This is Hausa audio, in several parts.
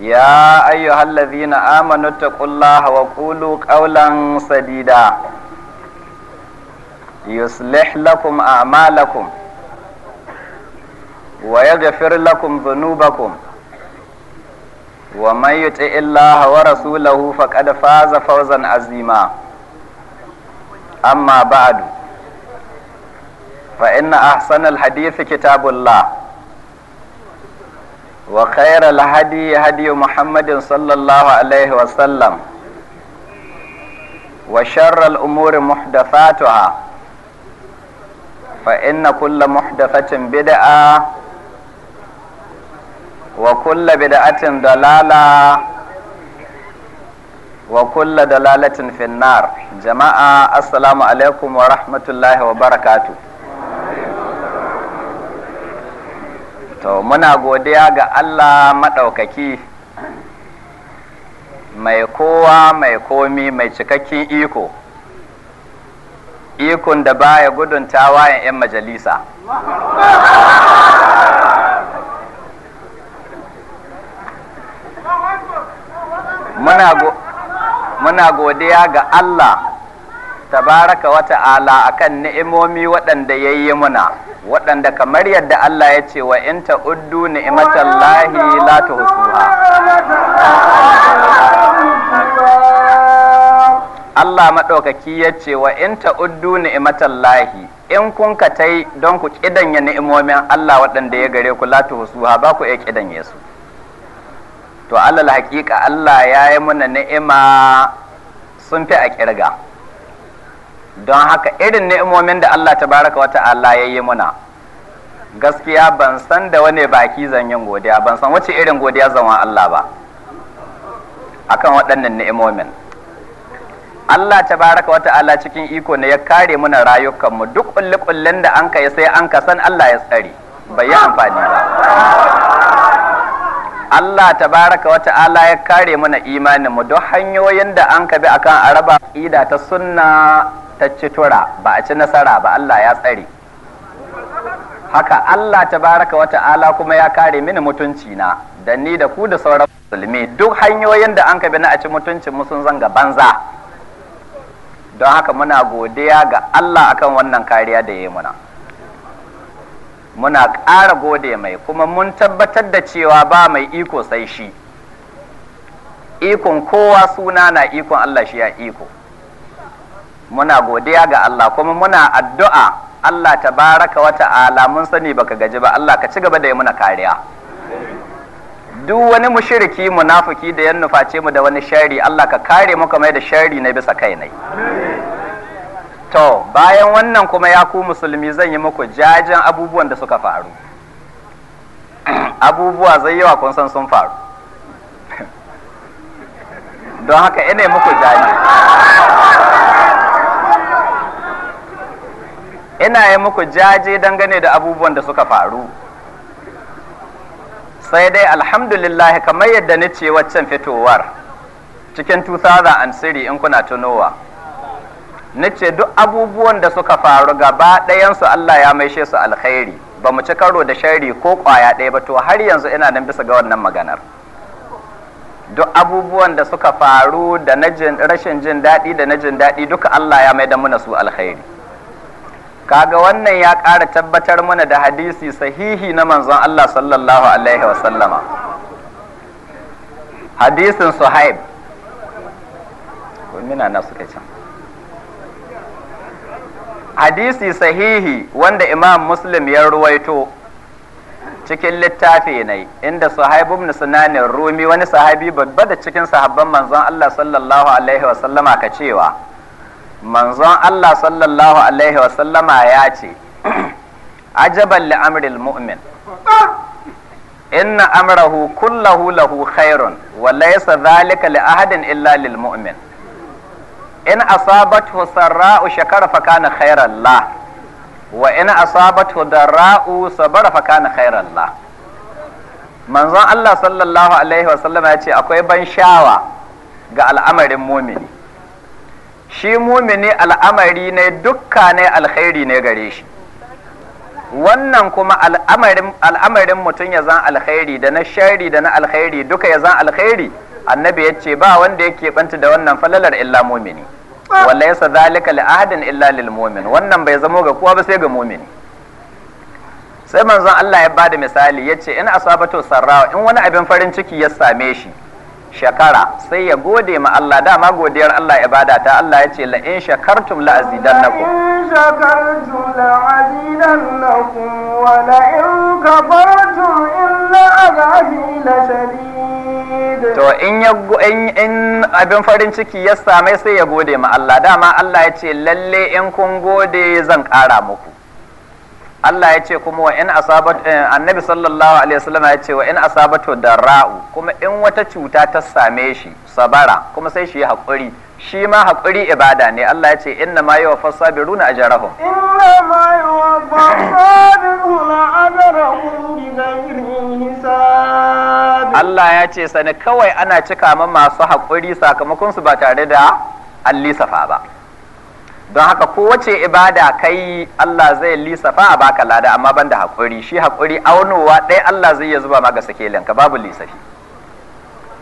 يا أيها الذين آمنوا اتقوا الله وقولوا قولا سديدا يصلح لكم أعمالكم ويغفر لكم ذنوبكم ومن يطع الله ورسوله فقد فاز فوزا عظيما أما بعد فإن أحسن الحديث كتاب الله وخير الهدي هدي محمد صلى الله عليه وسلم وشر الأمور محدثاتها فإن كل محدثة بدعة وكل بدعة ضلالة وكل دلالة في النار جماعة السلام عليكم ورحمة الله وبركاته to muna godiya ga Allah maɗaukaki mai kowa mai komi mai cikakken iko ikon da baya gudun tawayen 'yan majalisa muna godiya ga Allah tabaraka wata ala akan ni'imomi waɗanda ya yi muna waɗanda kamar yadda Allah ya ce wa in ta'uddu lahi la tuhsuha Allah maɗaukaki ya ce wa in ta'uddu lahi, in kun ka tai don ku ƙidanya ni'imomin Allah waɗanda ya gare ku la tuhsuha ba ku iya su to alal haƙiƙa Allah ya yi mana ni'ima sun fi a ƙirga. don haka irin ni'imomin da Allah baraka wata Allah ya yi muna gaskiya ban san da wani baki zan yin godiya ban san wace irin godiya zama Allah ba akan waɗannan ni'imomin Allah baraka wata Allah cikin iko ne ya kare muna rayukanmu duk kullen da an kai sai an ka san Allah ya tsare bai yi amfani ba Allah baraka wata Allah ya kare mana imaninmu don hanyoyin da an ka bi akan araba ida ta sunna ta ci tura ba a ci nasara ba Allah ya tsare haka Allah ta baraka wata ala kuma ya kare mini mutunci na da ni da ku da sauran musulmi duk hanyoyin da an bi na a ci mutuncin mu sun zanga banza don haka muna godiya ga Allah akan wannan kariya da ya yi muna muna ƙara gode mai kuma mun tabbatar da cewa ba mai iko sai shi ikon kowa suna na ikon Allah shi ya iko muna godiya ga Allah kuma muna addu'a Allah ta baraka wa ta'ala mun sani baka gaji ba Allah ka ci gaba da yi muna kariya duk wani mushiriki munafuki da ya nuface mu da wani shari Allah ka kare mu kamar da shari na bisa kai nai to bayan wannan kuma ya ku musulmi zan yi muku jajen abubuwan da suka faru abubuwa zai yawa kun san sun faru don haka ina muku jaji? ina yi muku jaje dangane da abubuwan da suka faru sai dai alhamdulillah kamar yadda ni ce waccan fitowar cikin 2003 in kuna tunowa ni ce duk abubuwan da suka faru gaba ɗayansu Allah ya maishe su alkhairi ba mu ci karo da shari ko kwaya ɗaya ba to har yanzu ina nan bisa ga wannan maganar duk abubuwan da suka faru da rashin jin daɗi da na jin daɗi duka Allah ya maida muna su alkhairi kaga wannan ya ƙara tabbatar mana da hadisi sahihi na manzon Allah sallallahu alaihi wasallama hadisin suhaib mina na suka can hadisi sahihi wanda imam muslim ya ruwaito cikin littafi ne inda sahabu ibn sinanin rumi wani sahabi babba da cikin sahabban manzon Allah sallallahu alaihi wasallama ka cewa manzon Allah sallallahu alaihi wasallama ya ce ajaban li'amril amril mu'min inna amrahu kullahu lahu khairun wa laysa dhalika li illa lil mu'min in asabathu sarra'u shakara fakana kana khairan la wa in asabathu darra'u sabara fakana kana khairan la manzon Allah sallallahu alaihi wasallama ya ce akwai ban shawa ga al'amarin mumini shi mumini al'amari ne dukka ne alkhairi ne gare shi wannan kuma al'amarin mutum ya zan alkhairi da na shari da na alkhairi duka ya zan alkhairi annabi ya ce ba wanda yake banta da wannan falalar illa mumini ah. walla yasa zalika li ahadin illa lil mumin wannan bai zamo ga kowa ba sai ga mumini sai manzon Allah ya bada misali yace in asabatu sarra in wani abin farin ciki ya same shi Shekara sai ya gode ma Allah dama godiyar Allah ibada ta Allah ya ce la in shakartum la azidannakum in shakartum la azidannakum wa la in kafartum illa azabi la shadid to in ya in abin farin ciki ya same sai ya gode ma Allah dama Allah ya ce lalle in kun gode zan kara muku Allah ya ce kuma wa in asabat eh, annabi sallallahu alaihi wasallam ya ce wa in asabatu darra'u kuma in wata cuta ta same shi sabara kuma sai shi hakuri shi ma hakuri ibada ne Allah ya ce inna ma yuwaffas sabiruna ajrahum inna ma yuwaffas sabiruna ajrahum bighairi hisab Allah ya ce sani kawai ana cika ma masu hakuri sakamakon su ba tare da allisafa ba don haka kowace ibada kai Allah zai lisafa a baka lada amma banda haƙuri shi haƙuri aunowa ɗaya Allah zai iya zuba maka sakelin ka babu lisafi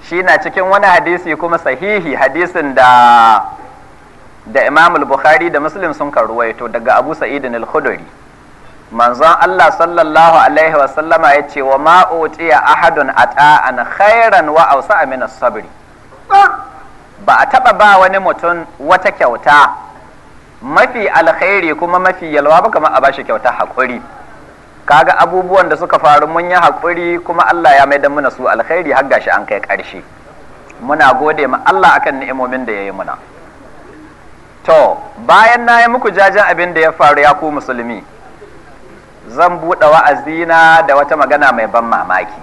shi na cikin wani hadisi kuma sahihi hadisin da da Imam al-Bukhari da Muslim sun karuwaito daga Abu Sa'id al-Khudri manzon Allah sallallahu alaihi wa sallama ya ce wa ma utiya ahadun ata'an khairan wa awsa'a min as-sabr ba a taba ba wani mutum wata kyauta mafi alkhairi kuma mafi yalwa ba kamar a bashi kyauta haƙuri kaga abubuwan da suka faru mun yi haƙuri kuma Allah ya maida muna su alkhairi har gashi an kai ƙarshe muna gode ma Allah akan ni'imomin da ya yi muna to bayan na yi muku jajen abin da ya faru ya ku musulmi zan buɗe wa'azi na da wata magana mai ban mamaki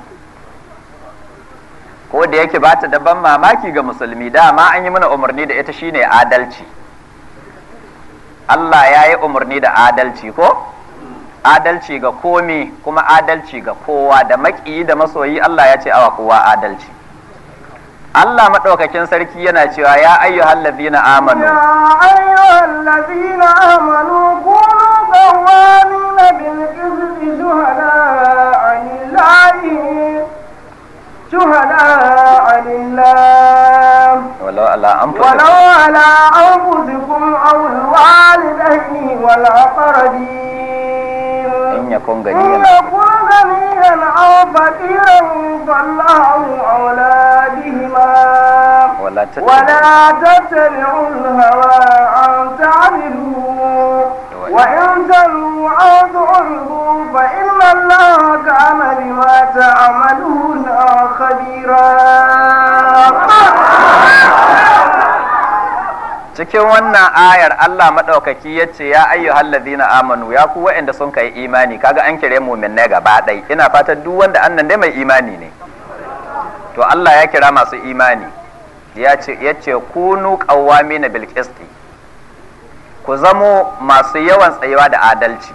ko da yake ba ta da ban mamaki ga musulmi dama an yi mana umarni da ita shine adalci Allah ya yi umarni da adalci ko adalci ga komi kuma adalci ga kowa da maƙiyi da masoyi Allah ya ce awa kowa adalci Allah maɗaukakin sarki yana cewa ya ayyuhal ladina amanu ya ayyuhal na amanu ولو على أنفسكم ولو على أنفسكم أو الوالدين والأقربين إن يكن غنيا إن يكن غنيا أو فقيرا فالله أولى بهما ولا تتبعوا ولا تتبعوا الهوى أن تعملوا وإن تلوا أو تعرضوا فإن الله كان بما تعملون خبيرا cikin wannan ayar Allah maɗaukaki ya ce ya ayyu na amanu ya ku wa'anda sun kai imani kaga an kire ne gaba ɗai ina fatan duk wanda annan dai mai imani ne to Allah ya kira masu imani ya ce ya ce kunu qawwamina na qisti ku zamo masu yawan tsayuwa da adalci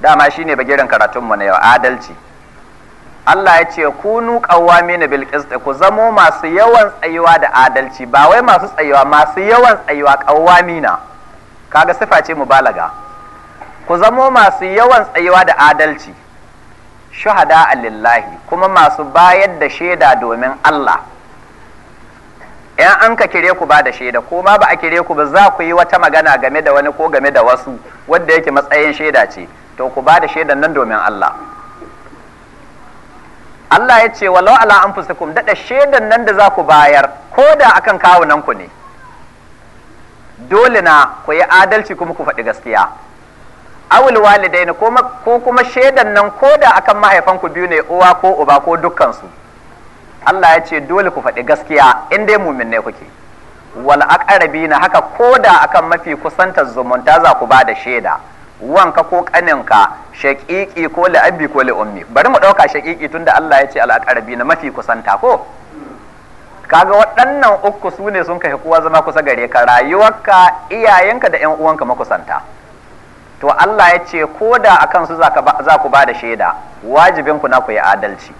dama shine bagiren karatunmu na yau adalci Allah ya ce kunu qawwamina na bilkista ku zamo masu yawan tsayuwa da adalci ba wai masu tsayuwa masu yawan tsayuwa na kaga sifa ce mubalaga ku zamo masu yawan tsayuwa da adalci shuhada lillahi kuma masu bayar da shaida domin Allah in an ka kire ku ba da shaida ko ma ba a kire ku ba za ku yi wata magana game da wani ko game da wasu wanda yake matsayin shaida ce to ku ba da shaidan nan domin Allah Allah ya ce walau ala anfusakum daɗa shaidan nan da za ku bayar ko da akan kawunan ku ne dole na ku yi adalci kuma ku faɗi gaskiya awul walidaina ko kuma shaidan nan ko da akan mahaifanku biyu ne uwa ko uba ko dukkansu Allah ya ce dole ku faɗi gaskiya in dai mumin ne kuke wal aqrabina haka ko da akan mafi kusantar zumunta za ku ba da shaida wanka ko kaninka shaƙiƙi ko la'abi ko la'ummi bari mu ɗauka shaƙiƙi tunda Allah ya ce al'aƙarabi na mafi kusanta ko kaga waɗannan uku su ne sun kai kowa zama kusa gare ka rayuwarka iyayenka da 'yan uwanka makusanta to Allah ya ce ko da a kansu za ku ba da shaida wajibin ku na ku yi adalci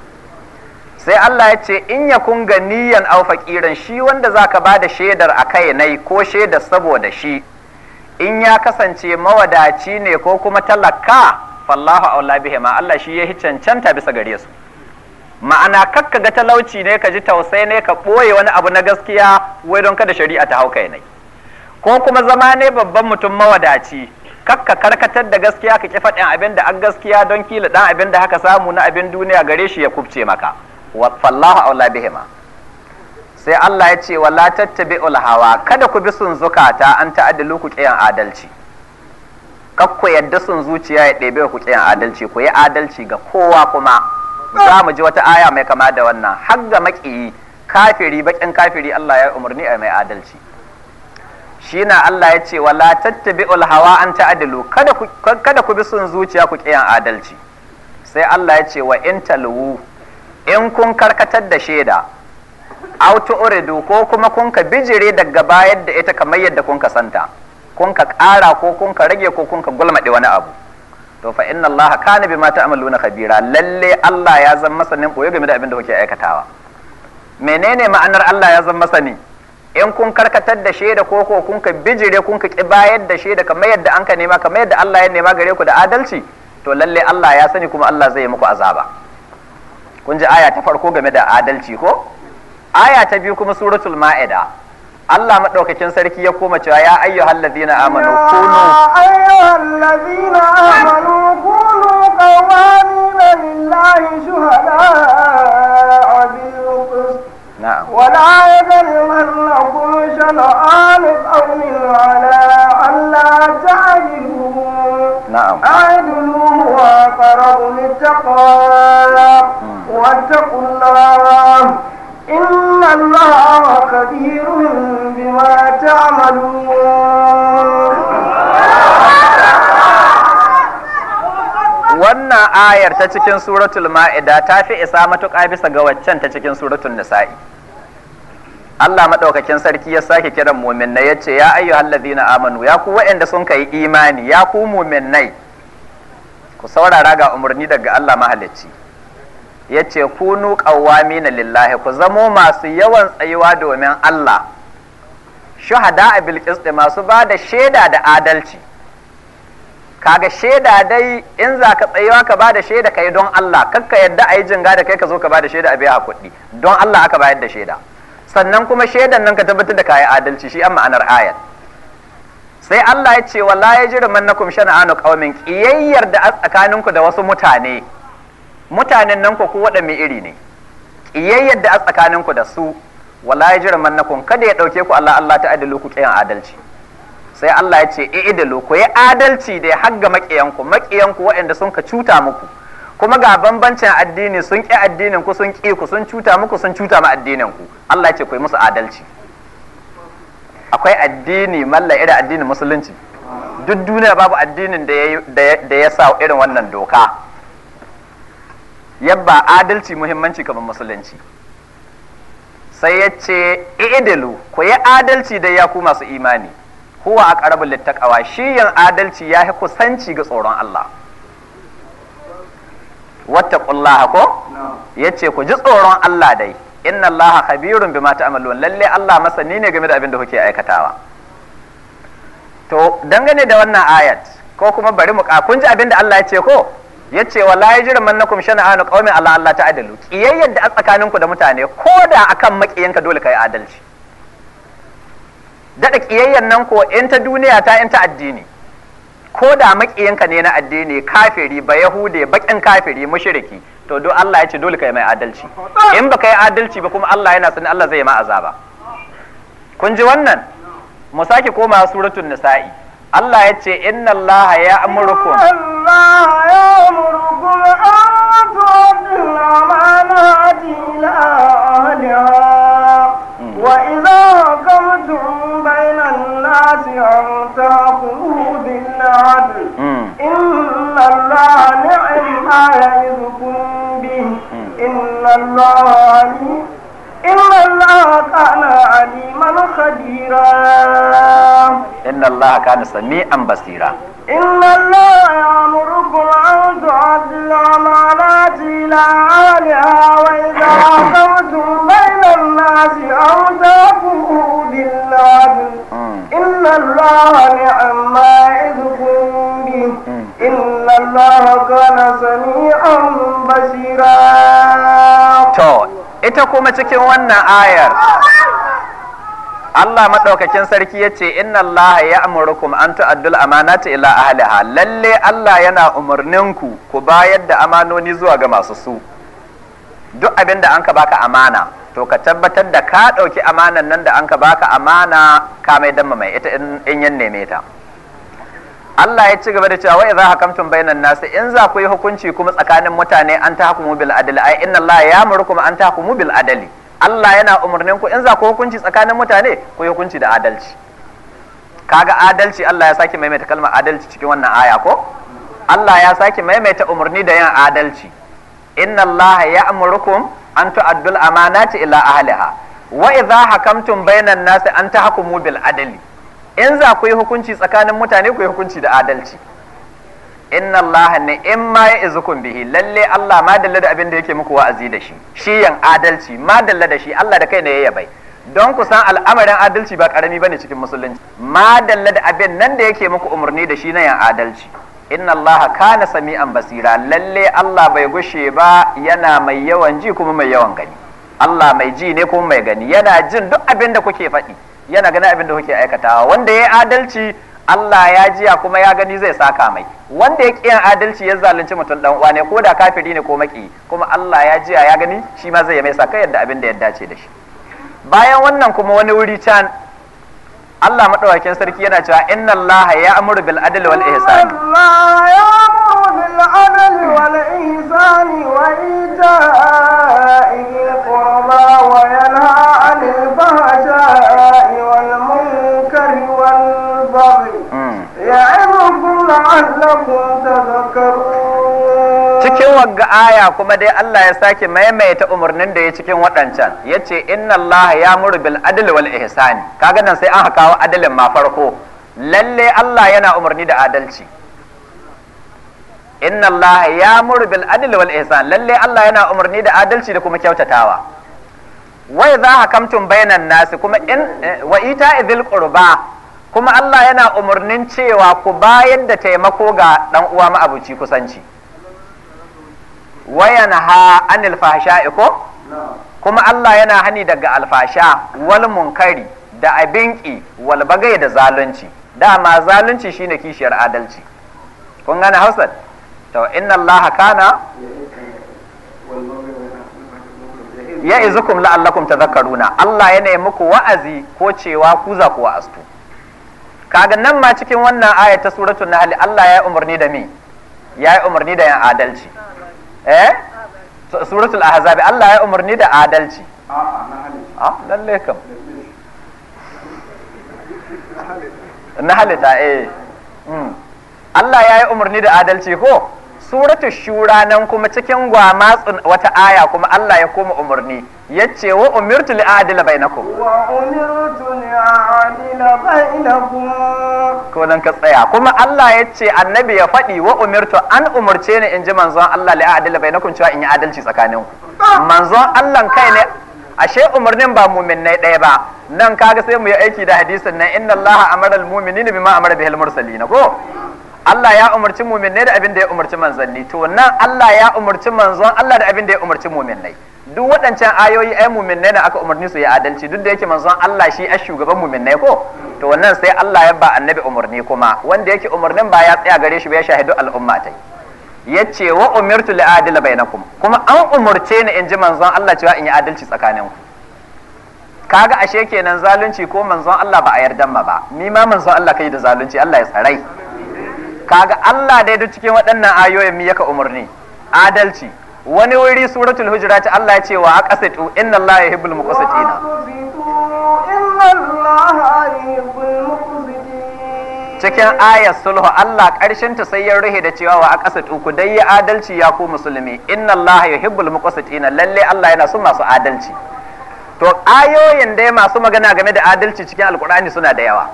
sai Allah ya ce in ya kunga ganiyan aufa faƙiran shi wanda za ka ba da shaidar a kai nai ko shaidar saboda shi in ya kasance mawadaci ne ko kuma talaka fallahu aula bihima Allah shi ya cancanta bisa gare su ma'ana kakka ga talauci ne ka ji tausai ne ka ɓoye wani abu na gaskiya wai don kada shari'a ta hauka ne ko kuma zama ne babban mutum mawadaci kakka karkatar da gaskiya ka ki faɗin abin da an gaskiya don kila ɗan abin da haka samu na abin duniya gare shi ya kubce maka wa fallahu aula bihima sai Allah ya ce wa la tattabi'ul hawa kada ku bi sun zukata an ta'addalu ku kiyan adalci kak yadda sun zuciya ya ɗebe ku kiyan adalci ku yi adalci ga kowa kuma za mu ji wata aya mai kama da wannan har ga maƙiyi kafiri baƙin kafiri Allah ya umarni a mai adalci shi na Allah ya ce wa la tattabi'ul hawa an ta'adilu kada ku bi sun zuciya ku kiyan adalci sai Allah ya ce wa in talwu in kun karkatar da shaida auto uridu ko kuma kun ka bijire daga bayar da ita kamar yadda kun ka santa kun ka ƙara ko kun ka rage ko kun ka gulmaɗe wani abu to fa inna Allah kana bima ta'maluna khabira lalle Allah ya zama masanin boye game da abin da kuke aikatawa menene ma'anar Allah ya zama masani in kun karkatar da shaida ko ko kun ka bijire kun ka bayar da shaida kamar yadda an ka nema kamar yadda Allah ya nema gare ku da adalci to lalle Allah ya sani kuma Allah zai yi muku azaba kun ji aya ta farko game da adalci ko aya ta biyu kuma suratul ma'ida Allah madaukakin sarki ya koma cewa ya ayyuhal ladina amanu kunu ayyuhal ladina amanu kunu qawamin lillahi shuhada ولا يجرمنكم شنآن قوم على ألا تعدلوا نعم اعدلوا هو أقرب للتقوى واتقوا الله إن الله خبير بما تعملون wannan ayar ta cikin suratul ma'ida ta fi isa matuƙa bisa ga waccan ta cikin suratul nisa'i Allah maɗaukakin sarki ya sake kiran muminnai ya ce ya ayyu hallazina amanu ya ku waɗanda sun kai imani ya ku nai. ku saurara ga umarni daga Allah mahalicci ya ce kunu na lillahi ku zamo masu yawan tsayuwa domin Allah shuhada a bilƙisɗi masu ba da shaida da adalci kaga shaida dai in za ka tsayuwa ka ba da shaida ka yi don Allah kakka yadda a yi jinga da kai ka zo ka ba da shaida a biya a kuɗi don Allah aka bayar da shaida sannan kuma shaidan nan ka tabbatar da kayi adalci shi an ma'anar ayat sai Allah ya ce wala ya jira mannakum shana'anu qaumin ƙiyayyar da a tsakaninku da wasu mutane mutanen nan ku waɗanne iri ne ƙiyayyar da a tsakanin ku da su wala ya jira mannakun kada ya ɗauke ku Allah Allah ta adalu ku tsayin adalci sai Allah ya ce e idalu ku yi adalci da ya hagga maƙiyan ku waɗanda sun ka cuta muku kuma ga bambancin addini sun ƙi addinin ku sun ƙi ku sun cuta muku sun cuta ma addinin ku Allah ya ce ku yi musu adalci akwai addini malla irin addinin musulunci duk duniya babu addinin da ya sa irin wannan doka yabba adalci muhimmanci kamar musulunci sai ya ce idilu ku yi adalci da ya ku masu imani huwa a ƙarabin littakawa shi yin adalci ya yi kusanci ga tsoron Allah wata ƙullaha ko ya ce ku ji tsoron Allah dai inna Allah khabirun bima ta'malun lalle Allah masani ne game da abin da kuke aikatawa to dangane da wannan ayat ko kuma bari mu kun ji abin da Allah ya ce ko yace wallahi jirman nakum shana'anu qaumin ala Allah ta'adalu kiyayyar da tsakanin tsakaninku da mutane ko da akan makiyanka dole kai adalci dada kiyayyar nan ko in ta duniya ta in ta addini ko da makiyanka ne na addini kafiri ba yahude bakin kafiri mushriki to do Allah ya ce dole kai mai adalci in baka yi adalci ba kuma Allah yana sanin Allah zai ma azaba kun ji wannan mu sake koma suratul nisa'i Allah ya ce inna laha ya amurukum Allah ya عن تأخذه بالعدل إن الله نعم ما يعظكم به إن الله عليم إن الله كان عليما خبيرا إن الله كان سميعا بصيرا إن الله يأمركم أن تعدلوا الأمانات إلى أهلها وإذا حكمتم الناس أو تكفروا بالله إن الله نعم ما يعظكم به إن الله كان سميعا بصيرا ita kuma cikin wannan ayar Allah maɗaukakin sarki ya ce inna Allah ya amurkum an tu'addul amanata ila ahliha lalle Allah yana umarninku ku bayar da amanoni zuwa ga masu su duk abin da an ka baka amana to ka tabbatar da ka ɗauki amanan nan da an ka baka amana ka mai damma mai ita in yan neme ta Allah ya ci gaba da cewa wa idza hakamtum bainan nas in za ku yi hukunci kuma tsakanin mutane an tahkumu bil adli ai inna Allah ya'murukum an tahkumu bil adli Allah yana umurnin ku in za ku hukunci tsakanin mutane ku yi hukunci da adalci kaga adalci Allah ya saki maimaita kalmar adalci cikin wannan aya ko Allah ya saki maimaita umurni da yin adalci inna allaha ya'murukum an tu'addul amanati ila ahliha wa idza hakamtum bainan nasi an ta tahkumu bil adali in za ku yi hukunci tsakanin mutane ku yi hukunci da adalci inna Allah ne in ma ya izukum bihi lalle Allah ma dalla abin da yake muku wa'azi da shi shi yan adalci ma dalla da shi Allah da kai ne ya bai don ku san al'amarin adalci ba karami bane cikin musulunci ma dalla abin nan da yake muku umarni da shi na yan adalci inna Allah kana sami'an basira lalle Allah bai gushe ba yana mai yawan ji kuma mai yawan gani Allah mai ji ne kuma mai gani yana jin duk abin da kuke faɗi yana ganin abin da kuke aikatawa wanda ya yi adalci Allah ya jiya kuma ya gani zai saka mai wanda ya ƙiyan adalci ya zalunci mutum dan uwa ne ko da kafiri ne ko maki kuma Allah ya jiya ya gani shi ma zai mai saka yadda abin da ya dace da shi bayan wannan kuma wani wuri can Allah madaukakin sarki yana cewa inna Allah ya amuru bil adli wal ihsan Allah cikin wagga aya kuma dai Allah ya sake maimaita umarnin da ya cikin waɗancan ya ce inna Allah ya muru bil adil wal ihsani kaga nan sai an kawo adalin ma farko lalle Allah yana umarni da adalci inna Allah ya muru bil adil wal ihsan lalle Allah yana umarni da adalci da kuma kyautatawa wai za hakamtum bainan nasi kuma in eh, wa ita idil qurba kuma Allah yana umarnin cewa ku bayar da taimako ga dan uwa ma abuci kusanci wa yanha anil fahsha'i kuma Allah yana hani daga alfasha wal munkari da abinki wal bagai da zalunci dama zalunci shine kishiyar adalci kun gane Hausa to inna Allah kana ya izukum la'allakum tadhakkaruna Allah yana yi muku wa'azi ko cewa ku za ku wa'astu kaga nan ma cikin wannan aya ta suratul nahl Allah ya umarni da me ya umarni da yan adalci eh suratul ahzab Allah ya umarni da adalci a ah, lalle kam na eh hmm. Allah ya yi umarni da adalci ko suratu shura nan kuma cikin gwama wata aya kuma Allah ya koma umarni ce wa umirtu li adila bainakum wa umirtu li adila bainakum ko nan ka tsaya kuma Allah ya ce annabi ya faɗi wa umirtu an umurce ni in ji manzon Allah li adila bainakum cewa in yi adalci tsakaninku manzon Allah kai ne ashe umarnin ba muminai ɗaya ba nan kaga sai mu yi aiki da hadisin nan inna allaha amara almu'minina bima amara bihil mursalin ko Allah ya umarci muminai da abin da ya umarci manzanni to nan Allah ya umarci manzon Allah da abin da ya umarci muminai duk waɗancan ayoyi ai muminai da aka umarni su ya adalci duk da yake manzon Allah shi a shugaban muminai ko to wannan sai Allah ya ba annabi umarni kuma wanda yake umarnin ba ya tsaya gare shi ba ya shahidu al'umma ta ce wa umirtu li adila bainakum kuma an umarce ni in ji manzon Allah cewa in yi adalci tsakaninku kaga ashe kenan zalunci ko manzon Allah ba a yarda ma ba ni ma manzon Allah kai da zalunci Allah ya tsarai kaga Allah dai duk cikin waɗannan ayoyin mi yaka umarni adalci wani wuri suratul hujurat Allah ya ce wa aqsitu inna Allah yuhibbul muqsitina cikin ayar sulhu Allah ƙarshen ta sai ya ruhe da cewa wa aqsitu ku dai ya adalci ya ku musulmi inna Allah yuhibbul muqsitina lalle Allah yana son masu adalci to ayoyin dai masu magana game da adalci cikin alkur'ani suna da yawa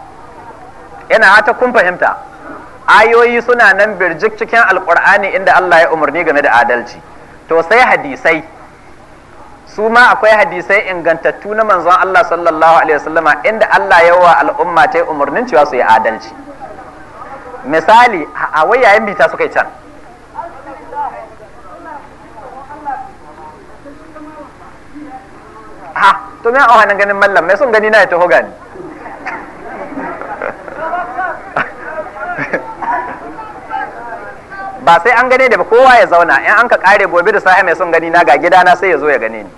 ina hata kun fahimta ayoyi suna nan birjik cikin alkur'ani inda Allah ya umarni game da adalci to sai hadisai su ma akwai hadisai ingantattu na manzon Allah sallallahu alaihi wasallama inda Allah ya wa al'umma ta umarnin cewa su yi adalci misali a wai yayin bita suka yi can ha to me a ganin mallam me sun gani na ya taho gani ba sai an gane da ba kowa ya zauna in an ka kare gobe da sahi mai son gani na ga gidana sai ya zo ya gane ni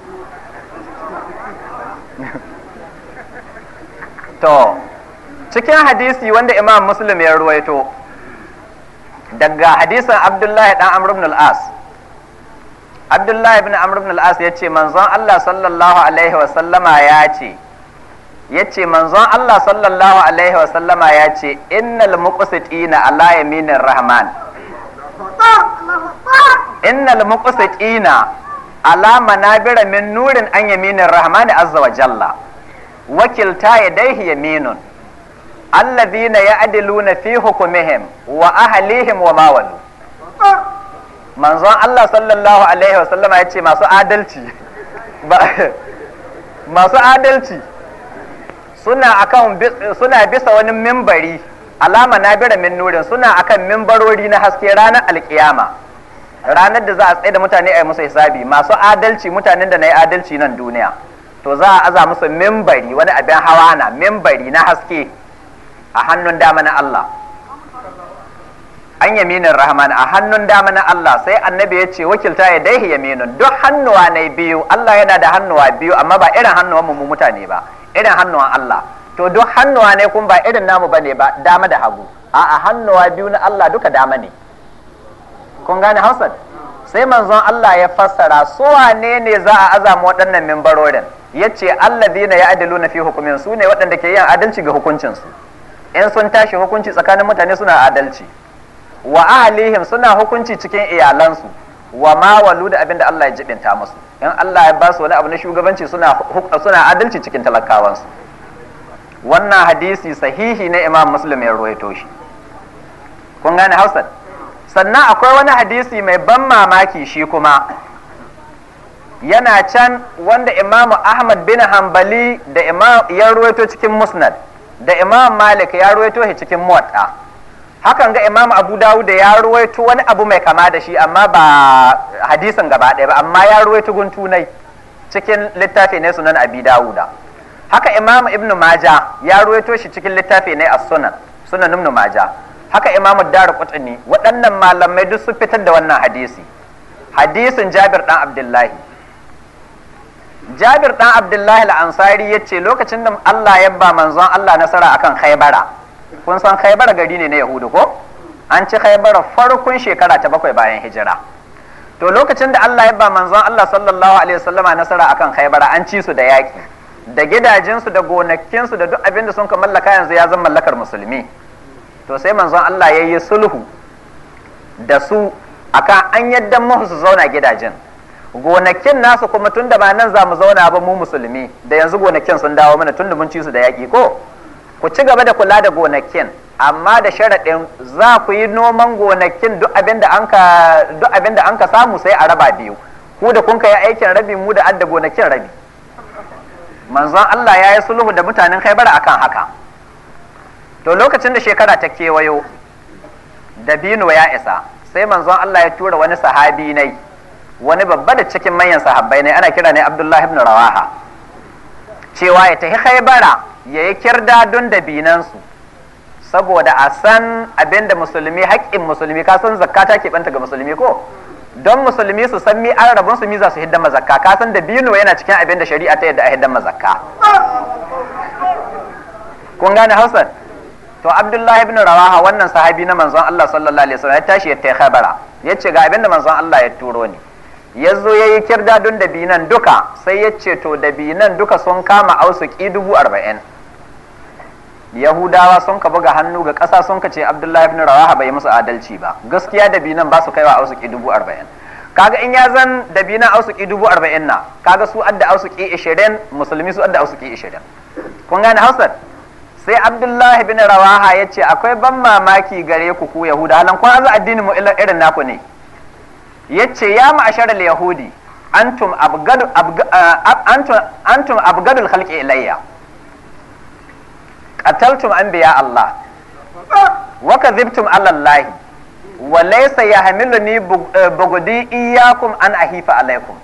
to cikin hadisi wanda imam muslim ya ruwaito daga hadisin abdullahi dan amr ibn al-as abdullahi ibn amr ibn al-as ya ce manzon allah sallallahu alaihi wa sallama ya ce ya ce manzon allah sallallahu alaihi wa sallama ya ce innal muqsitina ala yaminir rahman innal muqsitina alama manabira min nurin an yaminin rahmani azza wa jalla wakilta yadayhi yaminun alladhina ya'diluna fi hukumihim wa ahlihim wa ma walu manzon Allah sallallahu alaihi wa sallama yace masu adalci masu adalci suna akan suna bisa wani mimbari alama na bira min nurin suna akan mimbarori na haske ranar alkiyama ranar da za a tsaye da mutane a yi musu hisabi masu adalci mutanen da na yi adalci nan duniya to za a aza musu mimbari wani abin hawa na mimbari na haske a hannun dama na Allah an yaminin rahman a hannun dama na Allah sai annabi ya ce wakilta ya dai yaminu duk hannuwa na biyu Allah yana da hannuwa biyu amma ba irin hannuwan mu mutane ba irin hannuwan Allah to duk hannuwa ne kun ba irin namu bane ba dama da hagu a'a hannuwa biyu na Allah duka dama ne kun gane Hausa sai manzon Allah ya fassara su wane ne za a azama waɗannan mimbarorin yace alladhina na fi hukumin su ne waɗanda ke yin adalci ga hukuncinsu. in sun tashi hukunci tsakanin mutane suna adalci wa ahlihim suna hukunci cikin iyalansu wa ma walu da abin da Allah ya jibinta musu in Allah ya ba su wani abu na shugabanci suna suna adalci cikin talakawansu wannan hadisi sahihi ne imam muslim ya ruwaito shi kun gane hausa sannan akwai wani hadisi mai ban mamaki shi kuma yana can wanda imam ahmad bin hambali da imam ya ruwaito cikin musnad da imam malik ya ruwaito shi cikin muwatta hakan ga imam abu dawud ya ruwaito wani abu mai kama da shi amma ba hadisin gaba ɗaya ba amma ya ruwaito guntunai cikin littafi ne sunan abi dawuda haka imamu ibn maja ya ruwaito shi cikin littafi ne a sunan sunan ibn maja haka imamu dar qutni waɗannan malamai duk sun fitar da wannan hadisi hadisin jabir dan abdullahi jabir dan abdullahi al-ansari ya ce lokacin da allah ya ba manzon allah nasara akan khaybara kun san khaybara gari ne na yahudu ko an ci khaybara farkon shekara ta bakwai bayan hijira to lokacin da allah ya ba manzon allah sallallahu alaihi wasallama nasara akan khaybara an ci su da yaƙi da gidajensu da gonakinsu da duk abin da sun ka mallaka yanzu ya zama mallakar musulmi to sai manzon Allah ya yi sulhu da su akan an yadda musu su zauna gidajen gonakin nasu kuma tun da ba nan za mu zauna ba mu musulmi da yanzu gonakin sun dawo mana tun da mun ci su da yaƙi ko ku ci gaba da kula da gonakin amma da sharaɗin za ku yi noman gonakin duk abin da an ka samu sai a raba biyu ku da kun ka yi aikin rabi mu da adda gonakin rabi manzon Allah ya yi sulhu da mutanen Khaibar akan haka to lokacin da shekara ta kewayo dabino ya isa sai manzon Allah ya tura wani sahabi nai wani babba da cikin manyan sahabbai ne ana kira ne Abdullahi ibn Rawaha cewa ya tafi Khaibara ya yi kirda don dabinansu saboda a san abin da musulmi haƙƙin musulmi ka san zakka ta ke banta ga musulmi ko don musulmi su san mi an rabun su mi za su hidda mazakka ka san da bino yana cikin abin da shari'a ta yadda a hidda mazakka kun gane hausa to abdullahi ibn rawaha wannan sahabi na manzon Allah sallallahu alaihi wasallam ya tashi ya tai khabara ce ga abin da manzon Allah ya turo ni ya zo ya yi kirdadun da binan duka sai ya ce to da binan duka sun kama ausuki dubu arba'in yahudawa sun ka buga hannu ga ƙasa sun ka ce abdullahi ibn rawaha bai musu adalci ba gaskiya da binan ba su kaiwa ausuki dubu arba'in kaga in ya zan da binan ausuki dubu arba'in na kaga su adda ausuki ishirin musulmi su adda ausuki ishirin kun gane hausar sai abdullahi ibn rawaha ya ce akwai ban mamaki gare ku ku yahuda nan kun azu addinin mu irin naku ne ya ce ya ma'asharal yahudi antum abgadul khalqi ilayya qataltum anbiya Allah wa kadhibtum ala Allah wa laysa yahmiluni bugudi iyakun an ahifa alaikum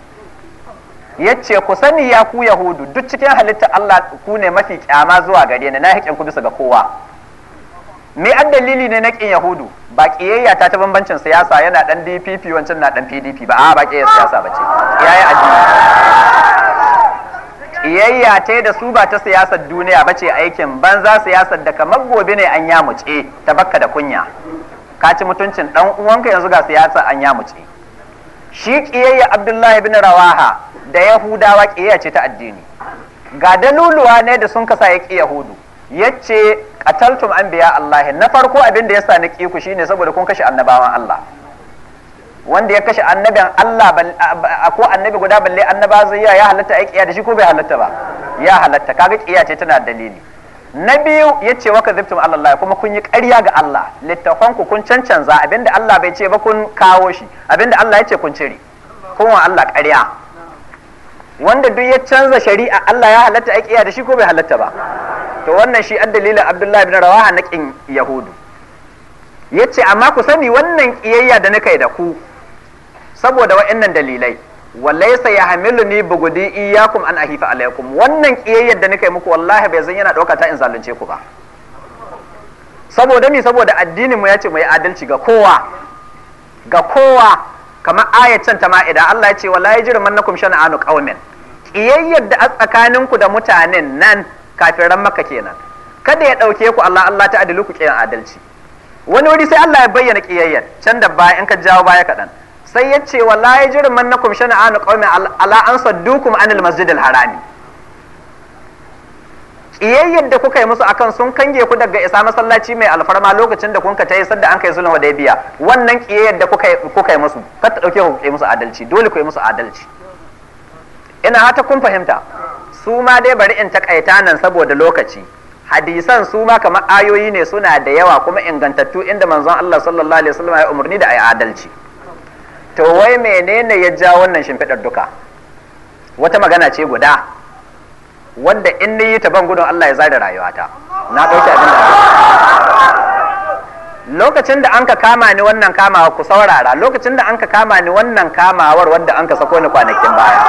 yace ku sani ya ku yahudu duk cikin halitta Allah ku ne mafi kyama zuwa gare ni na hakkin ku bisa ga kowa me an dalili ne na kin yahudu ba kiyayya ta ta bambancin siyasa yana dan DPP wancan na dan PDP ba a ba kiyayya siyasa bace yi addini iyayya ta da su ba ta siyasar duniya ba ce aikin banza siyasar da kamar gobe ne an yamuce ta bakka da kunya ka ci mutuncin dan uwanka yanzu ga siyasa an yamuce shi kiyayya abdullahi bin rawaha da yahudawa kiyayya ce ta addini ga daluluwa ne da sun kasa ya ki yahudu yace qataltum anbiya allahi na farko abin da yasa na ki ku shine saboda kun kashe annabawan allah wanda ya kashe annabin Allah ko annabi guda balle annaba zai ya halatta aiki ya da shi ko bai halatta ba ya halatta kaga kiya ce tana dalili na biyu ya ce waka zibtum Allah kuma kun yi ƙarya ga Allah littafan ku kun cancanza abinda Allah bai ce ba kun kawo shi abinda Allah ya ce kun cire kun wa Allah ƙarya wanda duk ya canza shari'a Allah ya halatta aiki ya da shi ko bai halatta ba to wannan shi dalilin Abdullahi bin Rawaha na kin Yahudu yace amma ku sani wannan kiyayya da na kai da ku saboda wa'annan dalilai walaysa ni bugudi iyakum an ahifa alaykum wannan kiyayyar da nake muku wallahi bai zan yana dauka ta in zalunce ku ba saboda mi saboda addinin mu yace mai adalci ga kowa ga kowa kamar ayatan ta ma'ida Allah ya ce wala mannakum shana'anu qaumin kiyayyar da a ku da mutanen nan kafiran maka kenan kada ya ɗauke ku Allah Allah ta adilu ku kiyan adalci wani wuri sai Allah ya bayyana kiyayyar can da baya in ka jawo baya kaɗan sai ya ce wa ya jirin man nakum shana'anu qaumi ala an saddukum anil masjidil harami kiyayyar da kuka yi musu akan sun kange ku daga isa masallaci mai alfarma lokacin da kunka tayi sadda an kai sulhu hudaybiya wannan kiyayyar da kuka kuka yi musu kar ta dauke ku musu adalci dole ku yi musu adalci ina hata kun fahimta su ma dai bari in takaita nan saboda lokaci hadisan su ma kamar ayoyi ne suna da yawa kuma ingantattu inda manzon Allah sallallahu alaihi wasallam ya umarni da ayi adalci to wai menene ya ja wannan shimfiɗar duka wata magana ce guda wanda in ni yi ta ban gudun Allah ya zare rayuwata na ɗauki abin da lokacin da an ka kama ni wannan kamawa ku saurara lokacin da an ka kama ni wannan kamawar wadda an ka sako ni kwanakin baya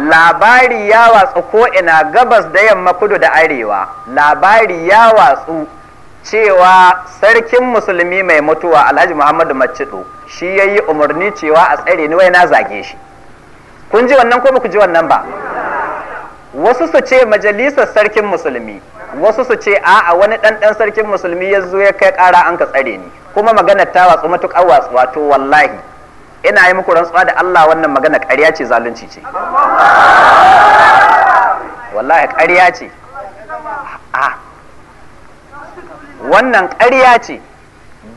labari ya watsu ko ina gabas da yamma kudu da arewa labari ya watsu cewa sarkin musulmi mai mutuwa alhaji muhammadu macidu shi ya yi umarni cewa a tsare ni wai na zage shi kun ji wannan ko ba ji wannan ba wasu su ce majalisar sarkin musulmi wasu su ce a'a wani ɗanɗan sarkin musulmi ya zo ya kai ƙara an ka tsare ni kuma magana ta watsu matuƙar watsu wato wallahi ina yi muku rantsuwa da Allah wannan magana ƙarya ce zalunci ce wallahi ƙarya ce wannan ƙarya ce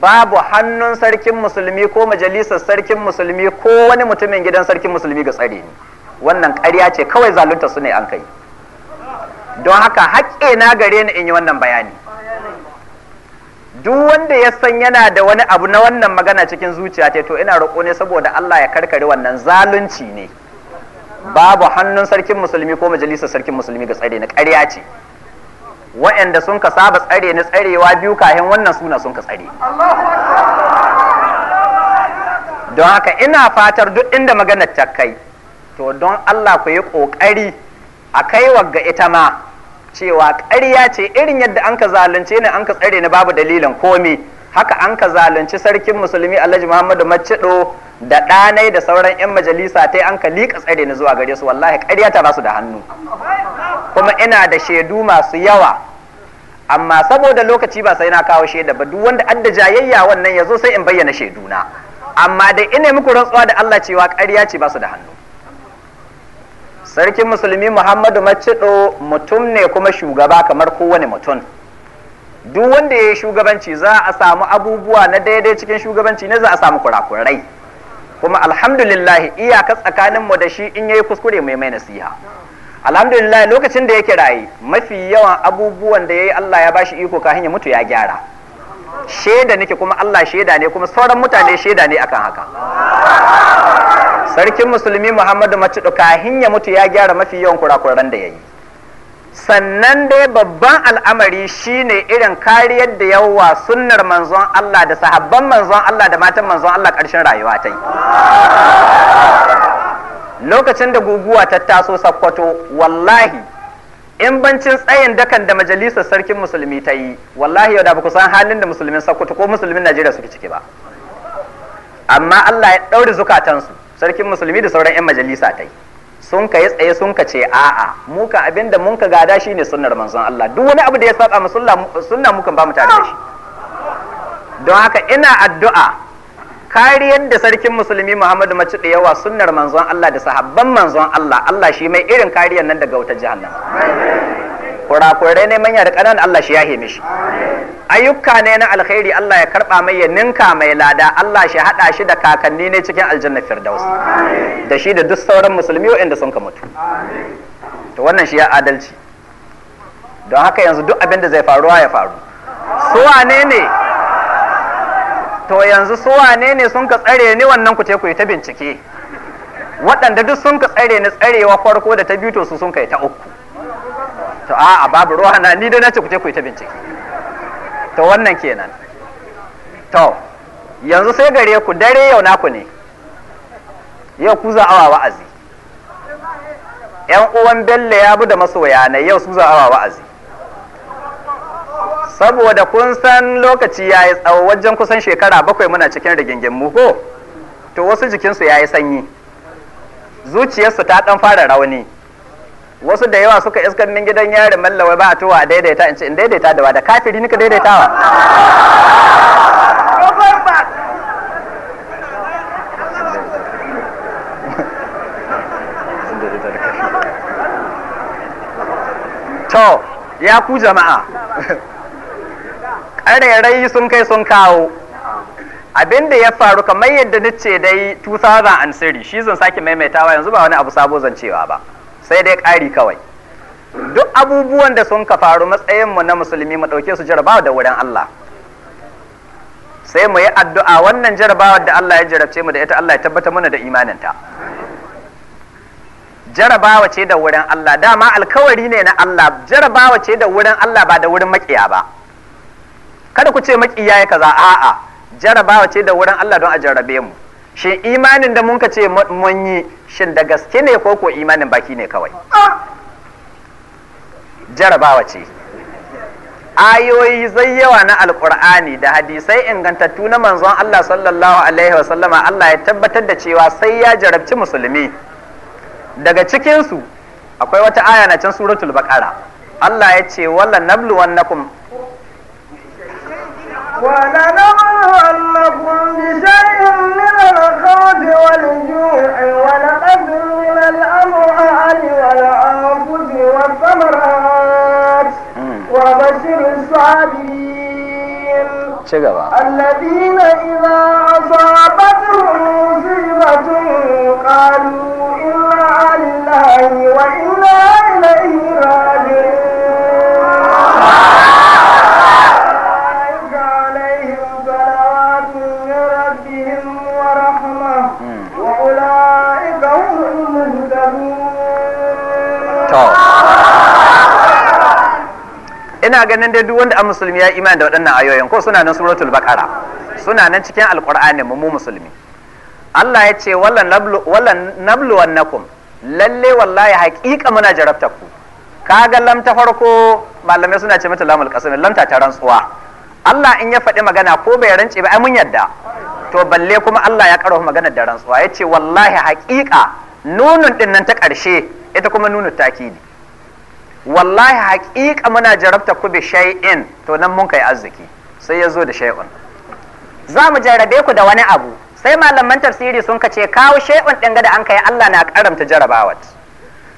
babu hannun sarkin musulmi ko majalisar sarkin musulmi ko wani mutumin gidan sarkin musulmi ga tsare ne wannan ƙarya ce kawai zalunta su ne an kai don haka haƙƙe na gare ni in yi wannan bayani duk wanda ya san yana da wani abu na wannan magana cikin zuciya ta to ina roƙo ne saboda Allah ya karkare wannan zalunci ne babu hannun sarkin musulmi ko majalisar sarkin musulmi ga tsare ne ƙarya ce wa'anda sun ka saba tsare ni tsarewa biyu kahin wannan suna sun ka tsare don haka ina fatar duk inda maganar ta kai to don Allah ku yi ƙoƙari a kai ga ita ma cewa ƙarya ce irin yadda an ka zalunce ni an ka tsare ni babu dalilin komi haka an ka zalunci sarkin musulmi alhaji muhammadu macido da ɗanai da sauran 'yan majalisa ta an ka liƙa tsare ni zuwa gare su wallahi ƙarya ta basu da hannu kuma ina da shaidu masu yawa amma saboda lokaci ba sai na kawo shaida ba duk wanda adda jayayya wannan zo, sai in bayyana shaiduna amma da ina muku rantsuwa da Allah cewa ƙarya ce basu da hannu sarkin musulmi muhammadu macido mutum ne kuma shugaba kamar kowane mutum duk wanda ya yi shugabanci za a samu abubuwa na daidai cikin shugabanci ne za a samu kurakurai kuma alhamdulillah iyaka tsakaninmu da shi in yayi kuskure mai mai nasiha alhamdulillah lokacin da yake raye mafi yawan abubuwan da yayi Allah ya bashi iko ka hanya mutu ya gyara sheda nake kuma Allah sheda ne kuma sauran mutane sheda ne akan haka sarkin musulmi Muhammadu Macidu kahinya hanya mutu ya gyara mafi yawan kurakuran da yayi sannan dai babban al'amari shine irin kariyar da yawa sunnar manzon Allah da sahabban manzon Allah da matan manzon Allah ƙarshen rayuwa ta yi lokacin da guguwa ta taso sakkwato wallahi in bancin tsayin dakan da majalisar sarkin musulmi ta yi wallahi yau da ku san halin da musulmin sakkwato ko musulmin najeriya suke ciki ba amma Allah ya ɗaure zukatansu sarkin musulmi da sauran 'yan majalisa ta yi sun ka yi tsaye sun ka ce a'a mu ka abin da mun ka gada shi ne sunnar manzon Allah duk wani abu da ya saba mu sunna mu kan ba mu tare da shi don haka ina addu'a kariyar da sarkin musulmi Muhammadu Maci da yawa sunnar manzon Allah da sahabban manzon Allah Allah shi mai irin kariyar nan daga wata jahannama kurakurai ne manya da Allah shi yahe mishi ayyuka ne na alkhairi Allah ya karɓa mai ya ninka mai lada Allah shi haɗa shi da kakanni ne cikin aljanna firdaus da shi da duk sauran musulmi waɗanda sun ka mutu to wannan shi ya adalci don haka yanzu duk abin da zai faruwa ya faru su wane ne to yanzu su wane ne sun ka tsare ni wannan ku ce ku yi ta bincike waɗanda duk sun ka tsare ni tsarewa farko da ta biyu to su sun kai ta uku to a'a babu na ni dai nace ku je ku yi ta bincike to wannan kenan to yanzu sai gare ku dare yau naku ne yau ku za awa wa'azi yan uwan bello ya bu da masoya na yau su za awa wa'azi saboda kun san lokaci ya yi tsawo wajen kusan shekara bakwai muna cikin rigingimu ko to wasu jikinsu ya yi sanyi zuciyarsu ta ɗan fara rauni wasu da yawa suka iskar nin gidan yari mallawai ba a tuwa a daidaita in ce in daidaita da wa da kafiri nika daidaitawa to ya ku jama'a ƙarairayi sun kai sun kawo abin da ya faru kamar yadda nace dai 2003 shi zan sake maimaitawa yanzu ba wani abu sabo zancewa ba sai dai ƙari kawai duk abubuwan da sun ka faru matsayinmu na musulmi mu ɗauke su jarabawa da wurin Allah sai mu yi addu'a wannan jarabawar da Allah ya jarabce mu da ita Allah ya tabbata mana da imaninta jarabawa ce da wurin Allah dama alkawari ne na Allah jarabawa ce da wurin Allah ba da wurin makiya ba kada ku ce makiya ya kaza a'a jarabawa ce da wurin Allah don a jarabe mu shin imanin da mun ka ce mun yi shin da gaske ne ko ko imanin baki ne kawai jarabawa ce ayoyi zai yawa na alkur'ani da hadisai ingantattu na manzon Allah sallallahu alaihi wasallama Allah ya tabbatar da cewa sai ya jarabci musulmi daga cikinsu akwai wata aya na can suratul baqara Allah ya ce wala nabluwannakum wala nabluwannakum المخاض والجوع ولقد من الأموال والأنفس والثمرات وبشر الصابرين الذين إذا أصابتهم مصيبة قالوا إنا لله وإنا إليه ina ganin dai duk wanda an musulmi ya imani da waɗannan ayoyin ko suna nan suratul baqara suna nan cikin alqur'ani mu musulmi Allah ya ce wallan nablu wallan nablu wannakum lalle wallahi haqiqa muna jarabta ku kaga lam ta farko malamai suna ce mata lamul qasam lam ta rantsuwa Allah in ya faɗi magana ko bai rance ba ai mun yadda to balle kuma Allah ya karo magana da rantsuwa ya ce wallahi haƙiƙa nunun dinnan ta karshe ita kuma nunu takidi wallahi haƙiƙa muna jarabta ku bi shay'in to nan mun kai arziki sai ya zo da shay'un za mu jarrabe ku da wani abu sai malaman tafsiri sun kace kawo shay'un ɗin da an kai Allah na karamta jarabawat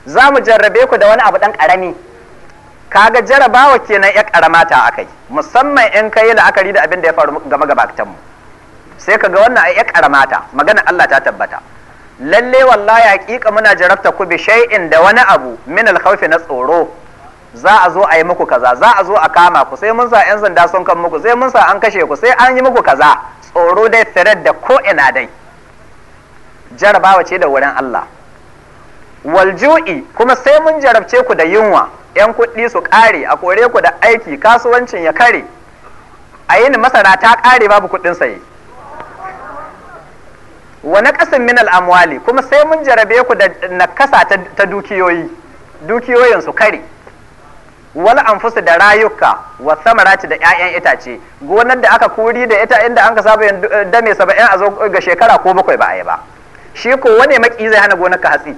za mu jarrabe ku da wani abu ɗan karami kaga jarabawa kenan ya ta akai musamman in kai la'akari da abin da ya faru ga magabatan mu sai kaga wannan ya karamata magana Allah ta tabbata lalle wallahi hakika muna jarabta ku bi shay'in da wani abu min alkhawfi na tsoro za a zo a yi muku kaza za a zo a kama ku sai mun sa yan sanda sun kan muku sai mun sa an kashe ku sai an yi muku kaza tsoro dai fired da ko ina dai jarabawa ce da wurin Allah walju'i kuma sai mun jarabce ku da yunwa yan kuɗi su ƙare a kore ku da aiki kasuwancin ya kare a yin masara ta ƙare babu kuɗin saye wa naqasin min amwali kuma sai mun jarabe ku da nakasa ta dukiyoyi dukiyoyin su kare wal anfusu da rayuka wa samarati da yayan itace gonar da aka kuri da ita inda an ka saba eh, dame saba'in a zo ga shekara ko bakwai ba a yi ba shi ko wane maki zai hana gonar ka hatsi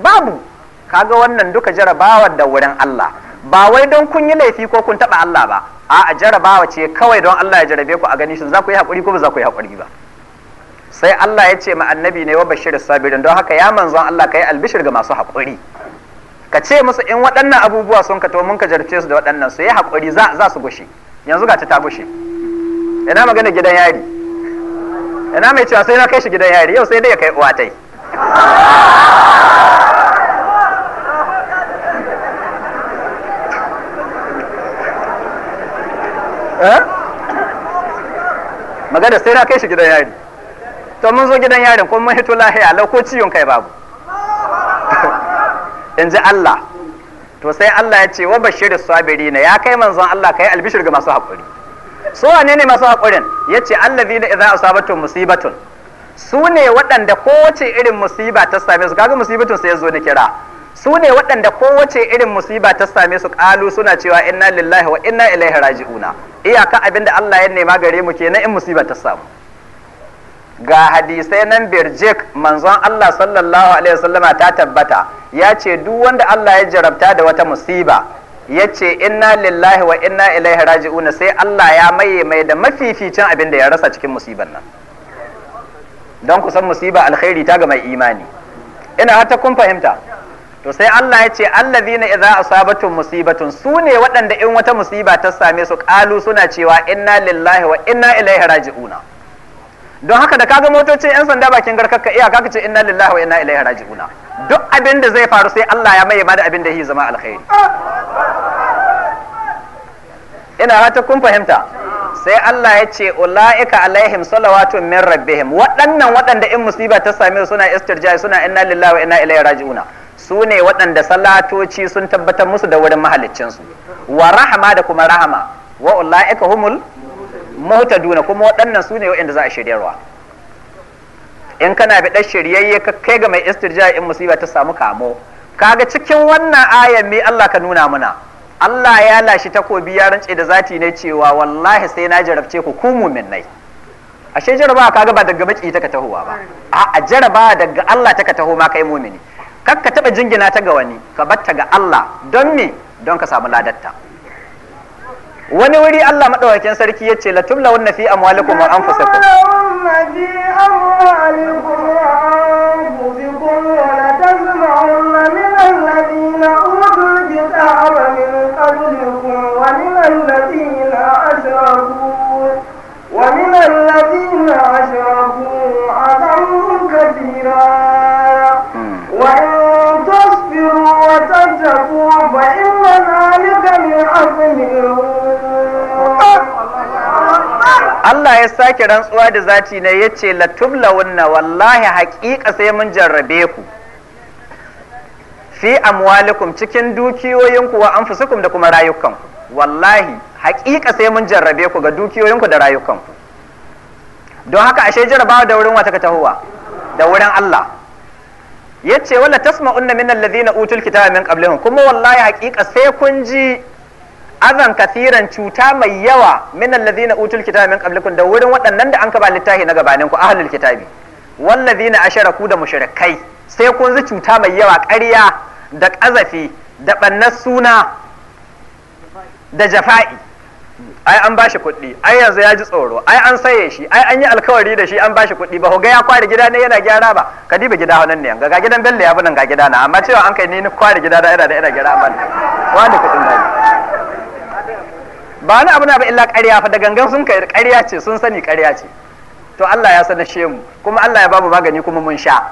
babu kaga wannan duka jarabawar da wurin Allah ba wai don kun yi laifi ko kun taɓa Allah ba a'a jarabawa ce kawai don Allah ya jarabe ku a gani shin za ku yi haƙuri ko ba za ku yi haƙuri ba sai Allah ya ce ma annabi ne wa bashir sabirin don haka ya manzon Allah ka yi albishir ga masu haƙuri ka ce musu in waɗannan abubuwa sun ka to mun ka jarce su da waɗannan su yi haƙuri za su gushe yanzu ga ta gushe ina magana gidan yari ina mai cewa sai na kai shi gidan yari yau sai dai ya kai uwa tai eh? magana sai na kai shi gidan yari to mun zo gidan yarin kuma mun hito lahiya lau ko ciwon kai babu in ji Allah to sai Allah ya ce wa bashir na ya kai manzon Allah kai albishir ga masu haƙuri su wane ne masu haƙurin ya ce allazina idza asabatu musibatun su ne waɗanda kowace irin musiba ta same su kaga musibatun sai ya zo ni kira su ne waɗanda kowace irin musiba ta same su ƙalu suna cewa inna lillahi wa inna ilaihi raji'una iyaka abinda da Allah ya nema gare mu kenan in musiba ta samu ga hadisai nan birjik manzon Allah sallallahu alaihi wasallama ta tabbata ya ce duk wanda Allah ya jarabta da wata musiba ya ce inna lillahi wa inna ilaihi raji'una sai Allah ya maye mai da mafificin abin da ya rasa cikin musiban nan don kusan musiba alkhairi ta ga mai imani ina ta kun fahimta to sai Allah ya ce allazina idza asabatum musibatun su ne waɗanda in wata musiba ta same su kalu suna cewa inna lillahi wa inna ilaihi raji'una don haka da kaga motoci yan sanda bakin garkakka iya kaka ce inna lillahi wa inna ilaihi raji'una duk abin da zai faru sai Allah ya maye da abin da yi zama alkhairi ina hata kun fahimta sai Allah ya ce ulaika alaihim salawatu min rabbihim waɗannan waɗanda in musiba ta same su suna istirja suna inna lillahi wa inna ilaihi raji'una su ne waɗanda salatoci sun tabbatar musu da wurin mahaliccinsu wa rahama da kuma rahama wa ulaika humul duna kuma waɗannan su ne waɗanda za a shiryarwa in kana bi ɗan shiryayye ka kai ga mai istirja in musiba ta samu kamo kaga cikin wannan ayan me Allah ka nuna muna Allah ya lashi takobi ya rance da zati ne cewa wallahi sai na jarabce ku ku mu'minnai ashe jaraba kaga ba daga ta taka tahowa ba a jaraba daga Allah ta ka taho ma kai mu'mini kar ka taɓa jingina ta ga wani ka batta ga Allah don me don ka samu ladatta wani wuri Allah madaukakin sarki yace la tumla wanna fi amwalikum wa anfusakum ya sake rantsuwa da zati na ya ce launa wallahi haƙiƙa sai mun jarrabe ku fi amwalikum cikin dukiyoyinku wa anfusukum da kuma rayukanku wallahi haƙiƙa sai mun jarrabe ku ga dukiyoyinku da rayukanku don haka ashe jarabawa da wurin wata ka tahowa da wurin Allah yace wala tasma'unna min alladhina utul kitaba min qablihim kuma wallahi haƙiƙa sai kun ji azan kasiran cuta mai yawa min allazina utul kitaba min qablikum da wurin waɗannan da an ka ba littafi na gabanin ku ahlul kitabi wallazina asharaku da mushrikai sai kun ji cuta mai yawa ƙarya da ƙazafi da ɓannar suna da jafa'i ai an bashi kuɗi ai yanzu ya ji tsoro ai an saye shi ai an yi alkawari da shi an bashi kuɗi ba ga ya kware gida ne yana gyara ba ka diba gida wannan ne ga gidan bello ya bunan ga gida na amma cewa an kai ni ni kware gida da ina da ina gyara amma wani kuɗin ba ba wani abu na ba illa ƙarya fa da gangan sun kai ƙarya ce sun sani ƙarya ce to Allah ya sanashe mu kuma Allah ya babu magani kuma mun sha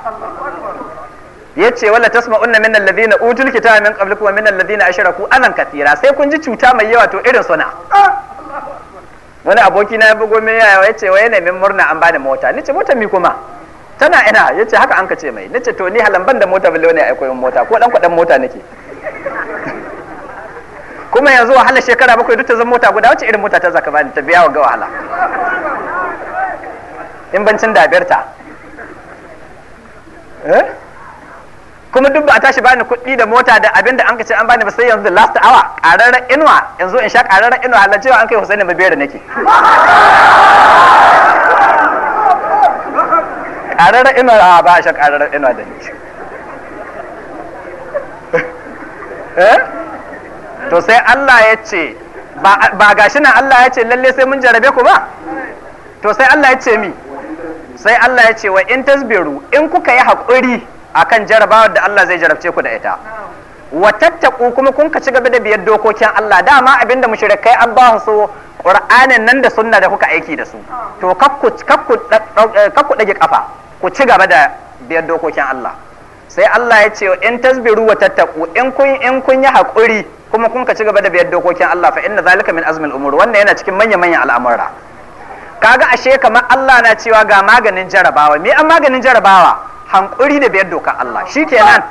yace wala tasma'unna min alladhina utul kitaba min qablikum wa min alladhina ashraku anan kathira sai kun ji cuta mai yawa to irin suna wani aboki na ya bugo min yaya yace wai ne min murna an bani mota nace mota mi kuma tana ina yace haka an kace mai nace to ni halamban da mota balle wani aikoyin mota ko dan kwadan mota nake kuma yanzu wahala shekara bakwai duk ta zama mota guda wacce irin mota ta zaka bani ta biya wa ga wahala in bancin dabirta eh? kuma duk ba a tashi bani kuɗi da mota da abin da an ka ce an bani ba sai yanzu da last hour ƙararren inuwa yanzu in sha ƙararren inuwa halar cewa an kai husaini mabiyar nake ƙararren inuwa ba a sha ƙararren inuwa da ni eh to sai Allah ya ce ba gashi nan Allah ya ce lalle sai mun jarabe ku ba to sai Allah ya ce mi sai Allah ya ce wa in tasbiru in kuka yi haƙuri akan jarabawar da Allah zai jarabce ku da ita wa tattaku kuma kun ka ci gaba da biyar dokokin Allah dama abinda mushrikai an ba su Qur'anin nan da sunna da kuka aiki da su to kakku kakku kakku dage kafa ku ci gaba da biyar dokokin Allah sai Allah ya ce in tasbiru wa tattaku in kun in kun yi haƙuri kuma kun ka ci gaba da biyar dokokin Allah fa inna zalika min azmil umur wannan yana cikin manya manyan al'amura kaga ashe kamar Allah na cewa ga maganin jarabawa me an maganin jarabawa hankuri da biyar dokar Allah shikenan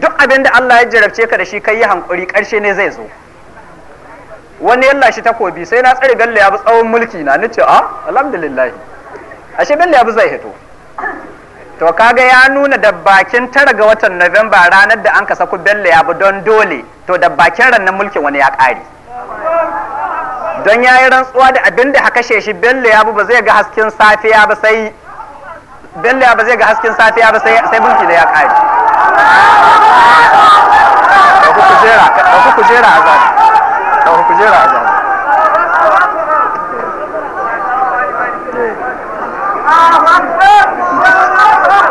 duk abin da Allah ya jarabce ka da shi kai yi hankuri karshe ne zai zo wani yalla shi takobi sai na tsare bello ya bi tsawon mulki na nace a ah, alhamdulillah ashe bello ya bi zai hito to kaga ya nuna da bakin tara ga watan november ranar da an kasa ku Bello ya don dole to da bakin rannan mulkin wani ya kare don ya yi rantsuwa da abin da kashe shi Bello ya ba zai ga hasken safiya ba sai Bello ya ba zai ga hasken safiya ba sai sai mulki da ya kare. ɗauki kujera a zaɓi kujera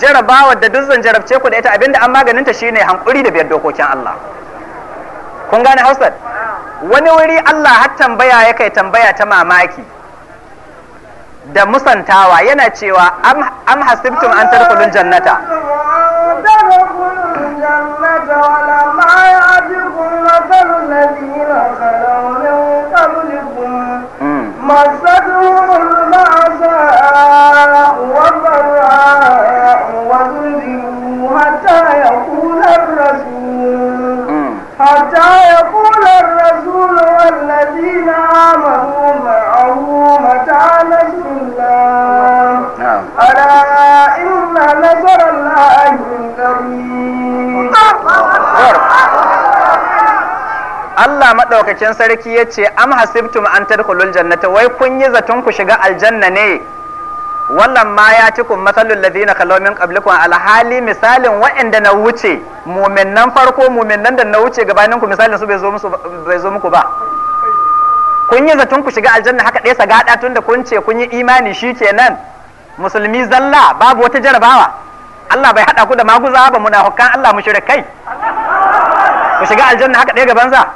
jarabawa da duk zan jarabce ku da ita abinda an maganinta shine hankuri da biyar dokokin Allah kun gane Hausar wani wuri Allah har tambaya ya kai tambaya ta mamaki da musantawa yana cewa am hasibtum an tarkulun jannata maɗaukacin sarki ya ce am hasibtum an tadkhulul jannata wai kun yi zaton ku shiga aljanna ne wallan ma ya ci kun masalul ladina khalaw min qablikum alhali misalin waɗanda na wuce mu'minnan farko mu'minnan da na wuce gabanin ku misalin su bai zo musu bai zo muku ba kun yi zaton ku shiga aljanna haka ɗaya sagada tun da kun ce kun yi imani shikenan musulmi zalla babu wata jarabawa Allah bai hada ku da maguza ba munafikan Allah mushrikai ku shiga aljanna haka ɗaya gaban za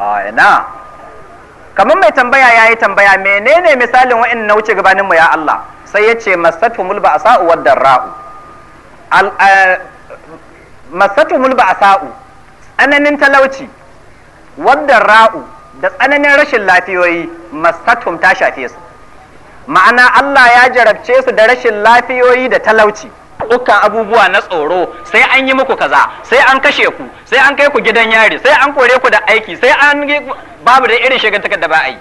ina kamar mai tambaya ya yi tambaya menene misalin wa'in na wuce gabaninmu ya Allah sai ya ce masatu mulba a sa'u wadda ra'u eh, masatu mulba a sa'u tsananin talauci wadda ra'u da tsananin rashin lafiyoyi masatum ta shafe su ma'ana Allah ya jarabce su da rashin lafiyoyi da talauci dukkan abubuwa na tsoro sai an yi muku kaza sai an kashe ku sai an kai ku gidan yari sai an kore ku da aiki sai an babu da irin shiga da ba a yi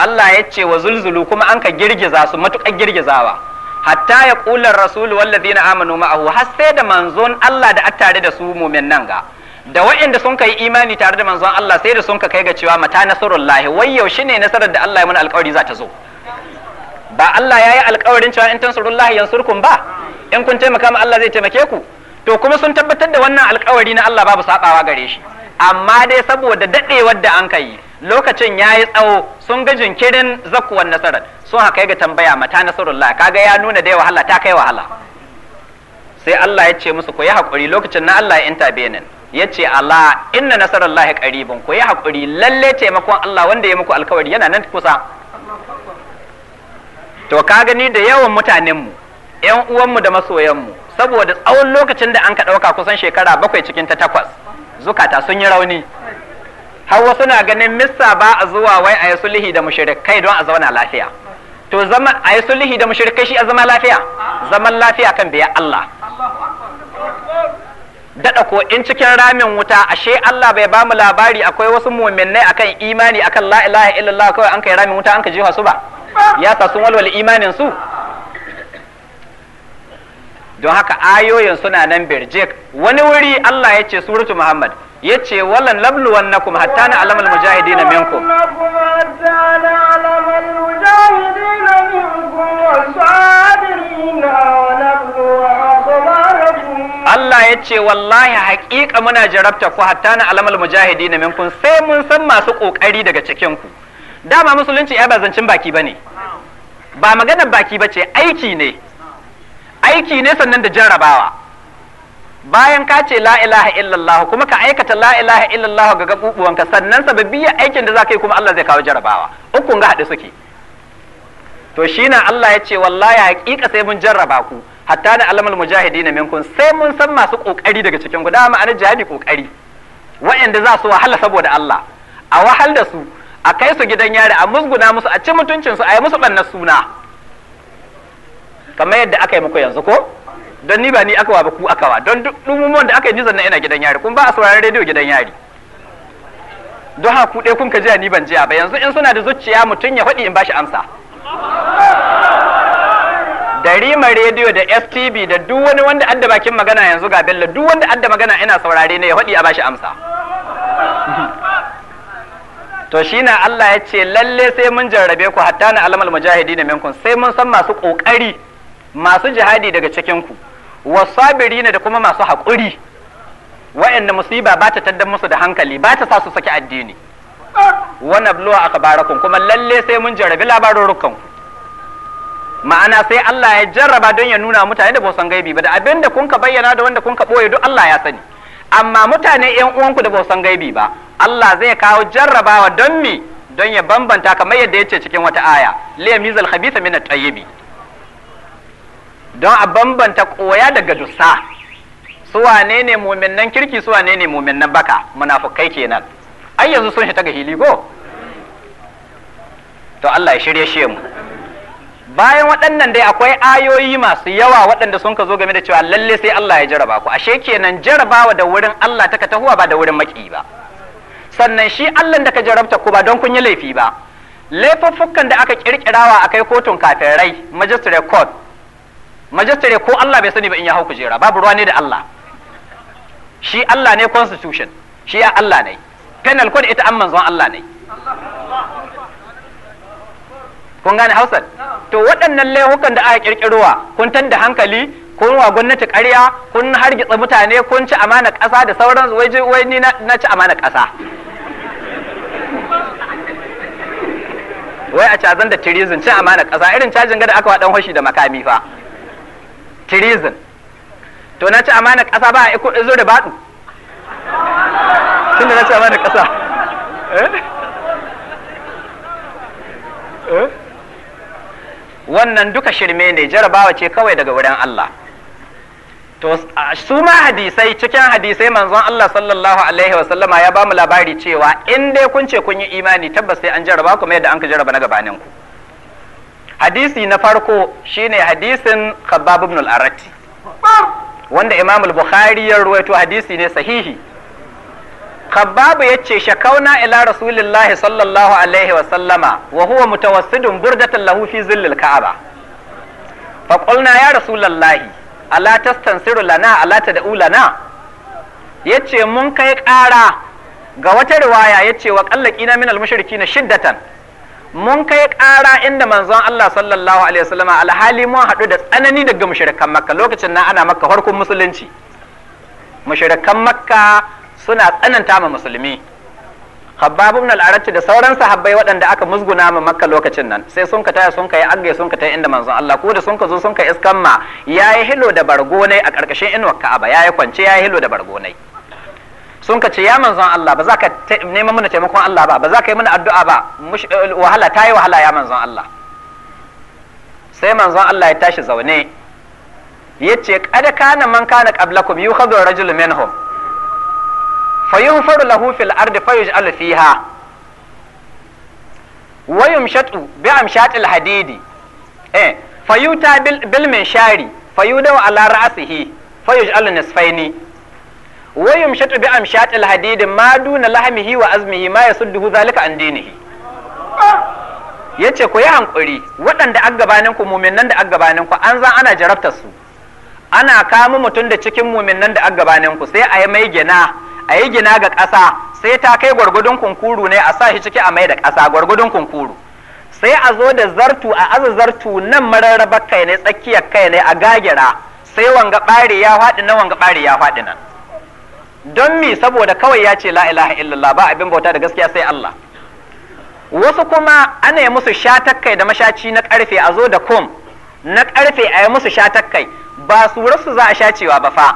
Allah ya ce wa zulzulu kuma an ka girgiza su matukar girgizawa hatta ya kular rasulu wallazina amanu ma'ahu har sai da manzon Allah da attare da su mu'min nan ga da wa'inda sun kai imani tare da manzon Allah sai da sun ka kai ga cewa mata nasarullahi wai yaushe ne nasarar da Allah ya mana alƙawari za ta zo ba Allah ya yi alƙawarin cewa in tansurullahi yansurkum ba in kun taimaka ma Allah zai taimake ku to kuma sun tabbatar da wannan alkawari na Allah babu sabawa gare shi amma dai saboda dadewar da an kai lokacin ya yi tsawo sun ga jinkirin zakwan nasarar sun haka ga tambaya mata nasarullah kaga ya nuna dai wahala ta kai wahala sai Allah ya ce musu ku yi hakuri lokacin na Allah ya intabe nan ya ce Allah inna nasarullahi qaribun ku yi hakuri lalle taimakon Allah wanda ya muku alkawari yana nan kusa to ka gani da yawan mutanenmu yan uwanmu da masoyanmu saboda tsawon lokacin da an ka ɗauka kusan shekara bakwai cikin ta takwas zukata sun yi rauni har wasu ganin mista ba a zuwa wai a yi sulhi da mushrikai don a zauna lafiya to zama a yi sulhi da mushrikai shi a zama lafiya zaman lafiya kan biya Allah daɗa ko in cikin ramin wuta ashe Allah bai bamu labari akwai wasu muminai akan imani akan la ilaha illallah kawai an kai ramin wuta an ka jiwa su ba ya sa sun walwala imanin su don haka ayoyin suna nan birjik wani wuri Allah ya ce suratu Muhammad ya ce wallan lablu kuma hatta na alamal mujahidina minku Allah ya ce wallahi haƙiƙa muna jarabta ku hatta na alamal mujahidina minkum sai mun san masu ƙoƙari daga cikin ku dama musulunci ya ba zancin baki bane ba maganar baki bace aiki ne aiki ne sannan da jarrabawa bayan ka ce la ilaha illallah kuma ka aikata la ilaha illallah ga gabubuwanka sannan sababiyyar aikin da zaka yi kuma Allah zai kawo jarrabawa uku ga hade suke to shi na Allah ya ce wallahi hakika sai mun jarraba ku hatta da alamal mujahidin minkum sai mun san masu kokari daga cikin ku dama ana jihadi kokari waɗanda za su wahala saboda Allah a wahal da su a kai su gidan yari a musguna musu a ci mutuncin su a yi musu bannar suna kamar yadda aka yi muku yanzu ko don ni ba ni aka wa ba ku aka wa don duk dumumon da aka yi nizan na ina gidan yari kun ba a sauraron rediyo gidan yari don haka ku ɗaya kun ka jiya ni ban jiya ba yanzu in suna da zuciya mutum ya faɗi in ba shi amsa da rima rediyo da stv da duk wani wanda adda bakin magana yanzu ga bello duk wanda adda magana ina saurare ne ya faɗi a bashi amsa to shi na Allah ya ce lalle sai mun jarrabe ku hatta na alamal mujahidi da minkun sai mun san masu ƙoƙari masu jihadi daga cikin ku ne da kuma masu haƙuri wa'anda musiba ba ta taddan musu da hankali ba ta sa su saki addini wannan bluwa aka kabarakun kuma lalle sai mun jarabi jarrabi rukan ma'ana sai Allah ya jarraba don ya nuna mutane da bosan gaibi ba da abin da kun ka bayyana da wanda kun ka duk Allah ya sani amma mutane yan uwanku da bosan gaibi ba Allah zai kawo jarrabawa don mi don ya bambanta kamar yadda ya ce cikin wata aya mizal khabitha min at-tayyibi don a bambanta koya daga dusa, su wane ne nan kirki su wane ne nan baka munafukai kenan ai yanzu sun shi ta hili ko to Allah ya shirye shi mu bayan waɗannan dai akwai ayoyi masu yawa waɗanda sun ka zo game da cewa lalle sai Allah ya jaraba ku ashe kenan jarabawa da wurin Allah ta tahuwa ba da wurin maki ba sannan shi Allah da ka jarabta ku ba don kun yi laifi ba laifuffukan da aka kirkirawa akai kotun kafirai magistrate court majistare ko Allah bai sani ba in ya hau kujera babu ruwa ne da Allah shi Allah ne constitution shi ya Allah ne penal code ita an manzon Allah ne kun gane Hausa to waɗannan laihukan da aka kirkirowa kun tanda hankali kun wa gwamnati ƙarya kun hargitsa mutane kun ci amana ƙasa da sauran waje wai ni na ci amana ƙasa wai a cazan da tirizin ci amana ƙasa irin cajin gada aka wa dan hoshi da makami fa treason to na ci amana ƙasa ba a izo da baɗu tunda na ci amana ƙasa eh? Eh? wannan duka shirme ne jarabawa ce kawai daga wurin Allah to su ma hadisai cikin hadisai manzon Allah sallallahu alaihi wa sallama ya ba mu labari cewa in dai kun ce kun yi imani tabbas sai an jaraba ku mai da an ka jaraba na gabaninku ku hadisi na farko shine hadisin khabbab ibn al-arati wanda imam al-bukhari ya ruwaito hadisi ne sahihi khabbab yace shakauna ila rasulillahi sallallahu alaihi wa sallama wa huwa mutawassidun burdatan lahu fi zillil ka'aba fa qulna ya rasulullahi ala tastansiru lana ala tad'u lana yace mun kai ƙara ga wata riwaya yace wa qallaqina min al-mushrikina shiddatan mun kai ƙara inda manzon Allah sallallahu alaihi wasallam alhali mun haɗu da tsanani daga mushrikan makka lokacin nan ana makka farkon musulunci mushrikan makka suna tsananta ma musulmi habbab ibn al da sauran sahabbai waɗanda aka musguna ma Makka lokacin nan sai sun ka taya sun ka yi agge sun ka taya inda manzon Allah ko da sun ka zo sun ka iskan ma yayi hilo da bargonai a ƙarƙashin inuwar Ka'aba yayi kwance yayi hilo da bargonai sun ka ce ya manzon Allah ba za ka neman mana taimakon Allah ba ba za ka yi mana addu'a ba eh, wahala ta yi wahala ya manzon Allah sai manzon Allah ya tashi zaune ya ce kada kana man kana qablakum yukhadhu rajulun minhum fayunfaru lahu fil ardi fayuj'alu fiha wa yumshatu bi amshatil hadidi eh fayuta bil min shari fayudaw ala ra'sihi fayuj'alu nisfaini wayum shatu bi amshat al-hadid ma duna lahmihi wa azmihi ma yasudduhu zalika an dinihi yace ku yi hankuri waɗanda an gabanin ku muminan da an gabanin ku an zan ana jarabtar su ana kama mutum da cikin muminan da an gabanin ku sai a yi mai gina a yi gina ga ƙasa sai ta kai gwargwadon kunkuru ne a sa shi ciki a mai da ƙasa gwargwadon kunkuru sai a zo da zartu a aza zartu nan mararraba kai ne tsakiyar kai ne a gagira sai wanga ɓare ya faɗi nan wanga ɓare ya faɗi nan don mi saboda kawai ya ce la ilaha illallah ba abin bauta da gaskiya sai Allah wasu kuma ana yi musu shatakkai da mashaci na karfe a zo da kum na karfe a yi musu shatakkai ba su rasu za a shacewa ba fa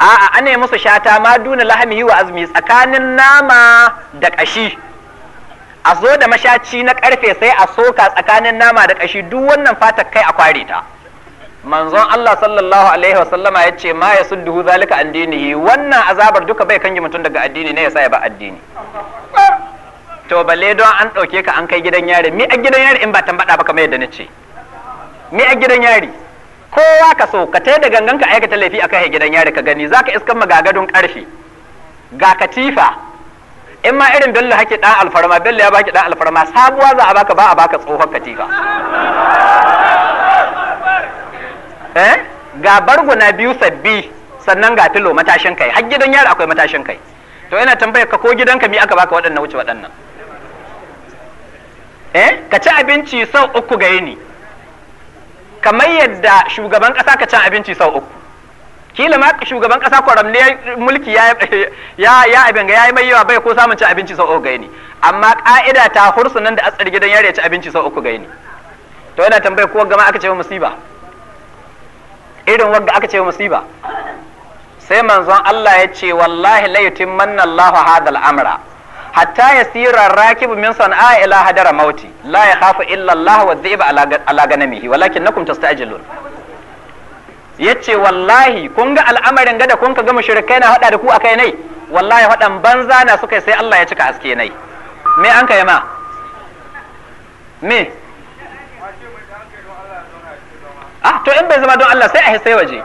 a'a ana yi musu shata ma duna yi wa azumi tsakanin nama da kashi a zo da mashaci na karfe sai a soka tsakanin nama da kashi duk wannan kai a kware ta manzon Allah sallallahu alaihi wasallama ya ce ma ya sudduhu zalika an dinihi wannan azabar duka bai kange mutum daga addini ne yasa ya ba addini to balle don an ɗauke ka an kai gidan yari mi a gidan yari in ba tambada ba kamar yadda nace mi a gidan yari kowa ka so ka tai da gangan ka aikata laifi kai gidan yari ka gani zaka iskan magagadun karfi ga katifa in ma irin bello hake dan alfarma bello ya baki dan alfarma sabuwa za a baka ba a baka tsohon katifa Eh? ga barguna biyu sabbi sannan ga tilo matashin kai har gidan yaro akwai matashin kai to yana tambayar ka ko gidanka mi aka baka waɗannan wuce waɗannan eh ka ci abinci sau uku ga yini kamar yadda shugaban ƙasa ka ci abinci sau uku kila ma shugaban kasa kwaramne mulki ya ya ya abin ga yayi mai yawa bai ko samun ci abinci sau uku ni amma ka'ida ta hursunan da asar gidan yare ci abinci sau uku ni to yana tambayar ko gama aka ce musiba irin wanda aka ce musiba sai manzon Allah ya ce wallahi la yutimmanna Allahu hadal amra hatta yasira rakib min sana'a ila hadara mauti la yakhafu illa Allah wa dhiba ala ganamihi walakinnakum tastajilun yace wallahi kun ga al'amarin gada kun ka ga mushrikai na hada da ku akai nai wallahi hadan banza na suka sai Allah ya cika aske nai me an kai ma me ah to in bai zama don Allah sai a hisse waje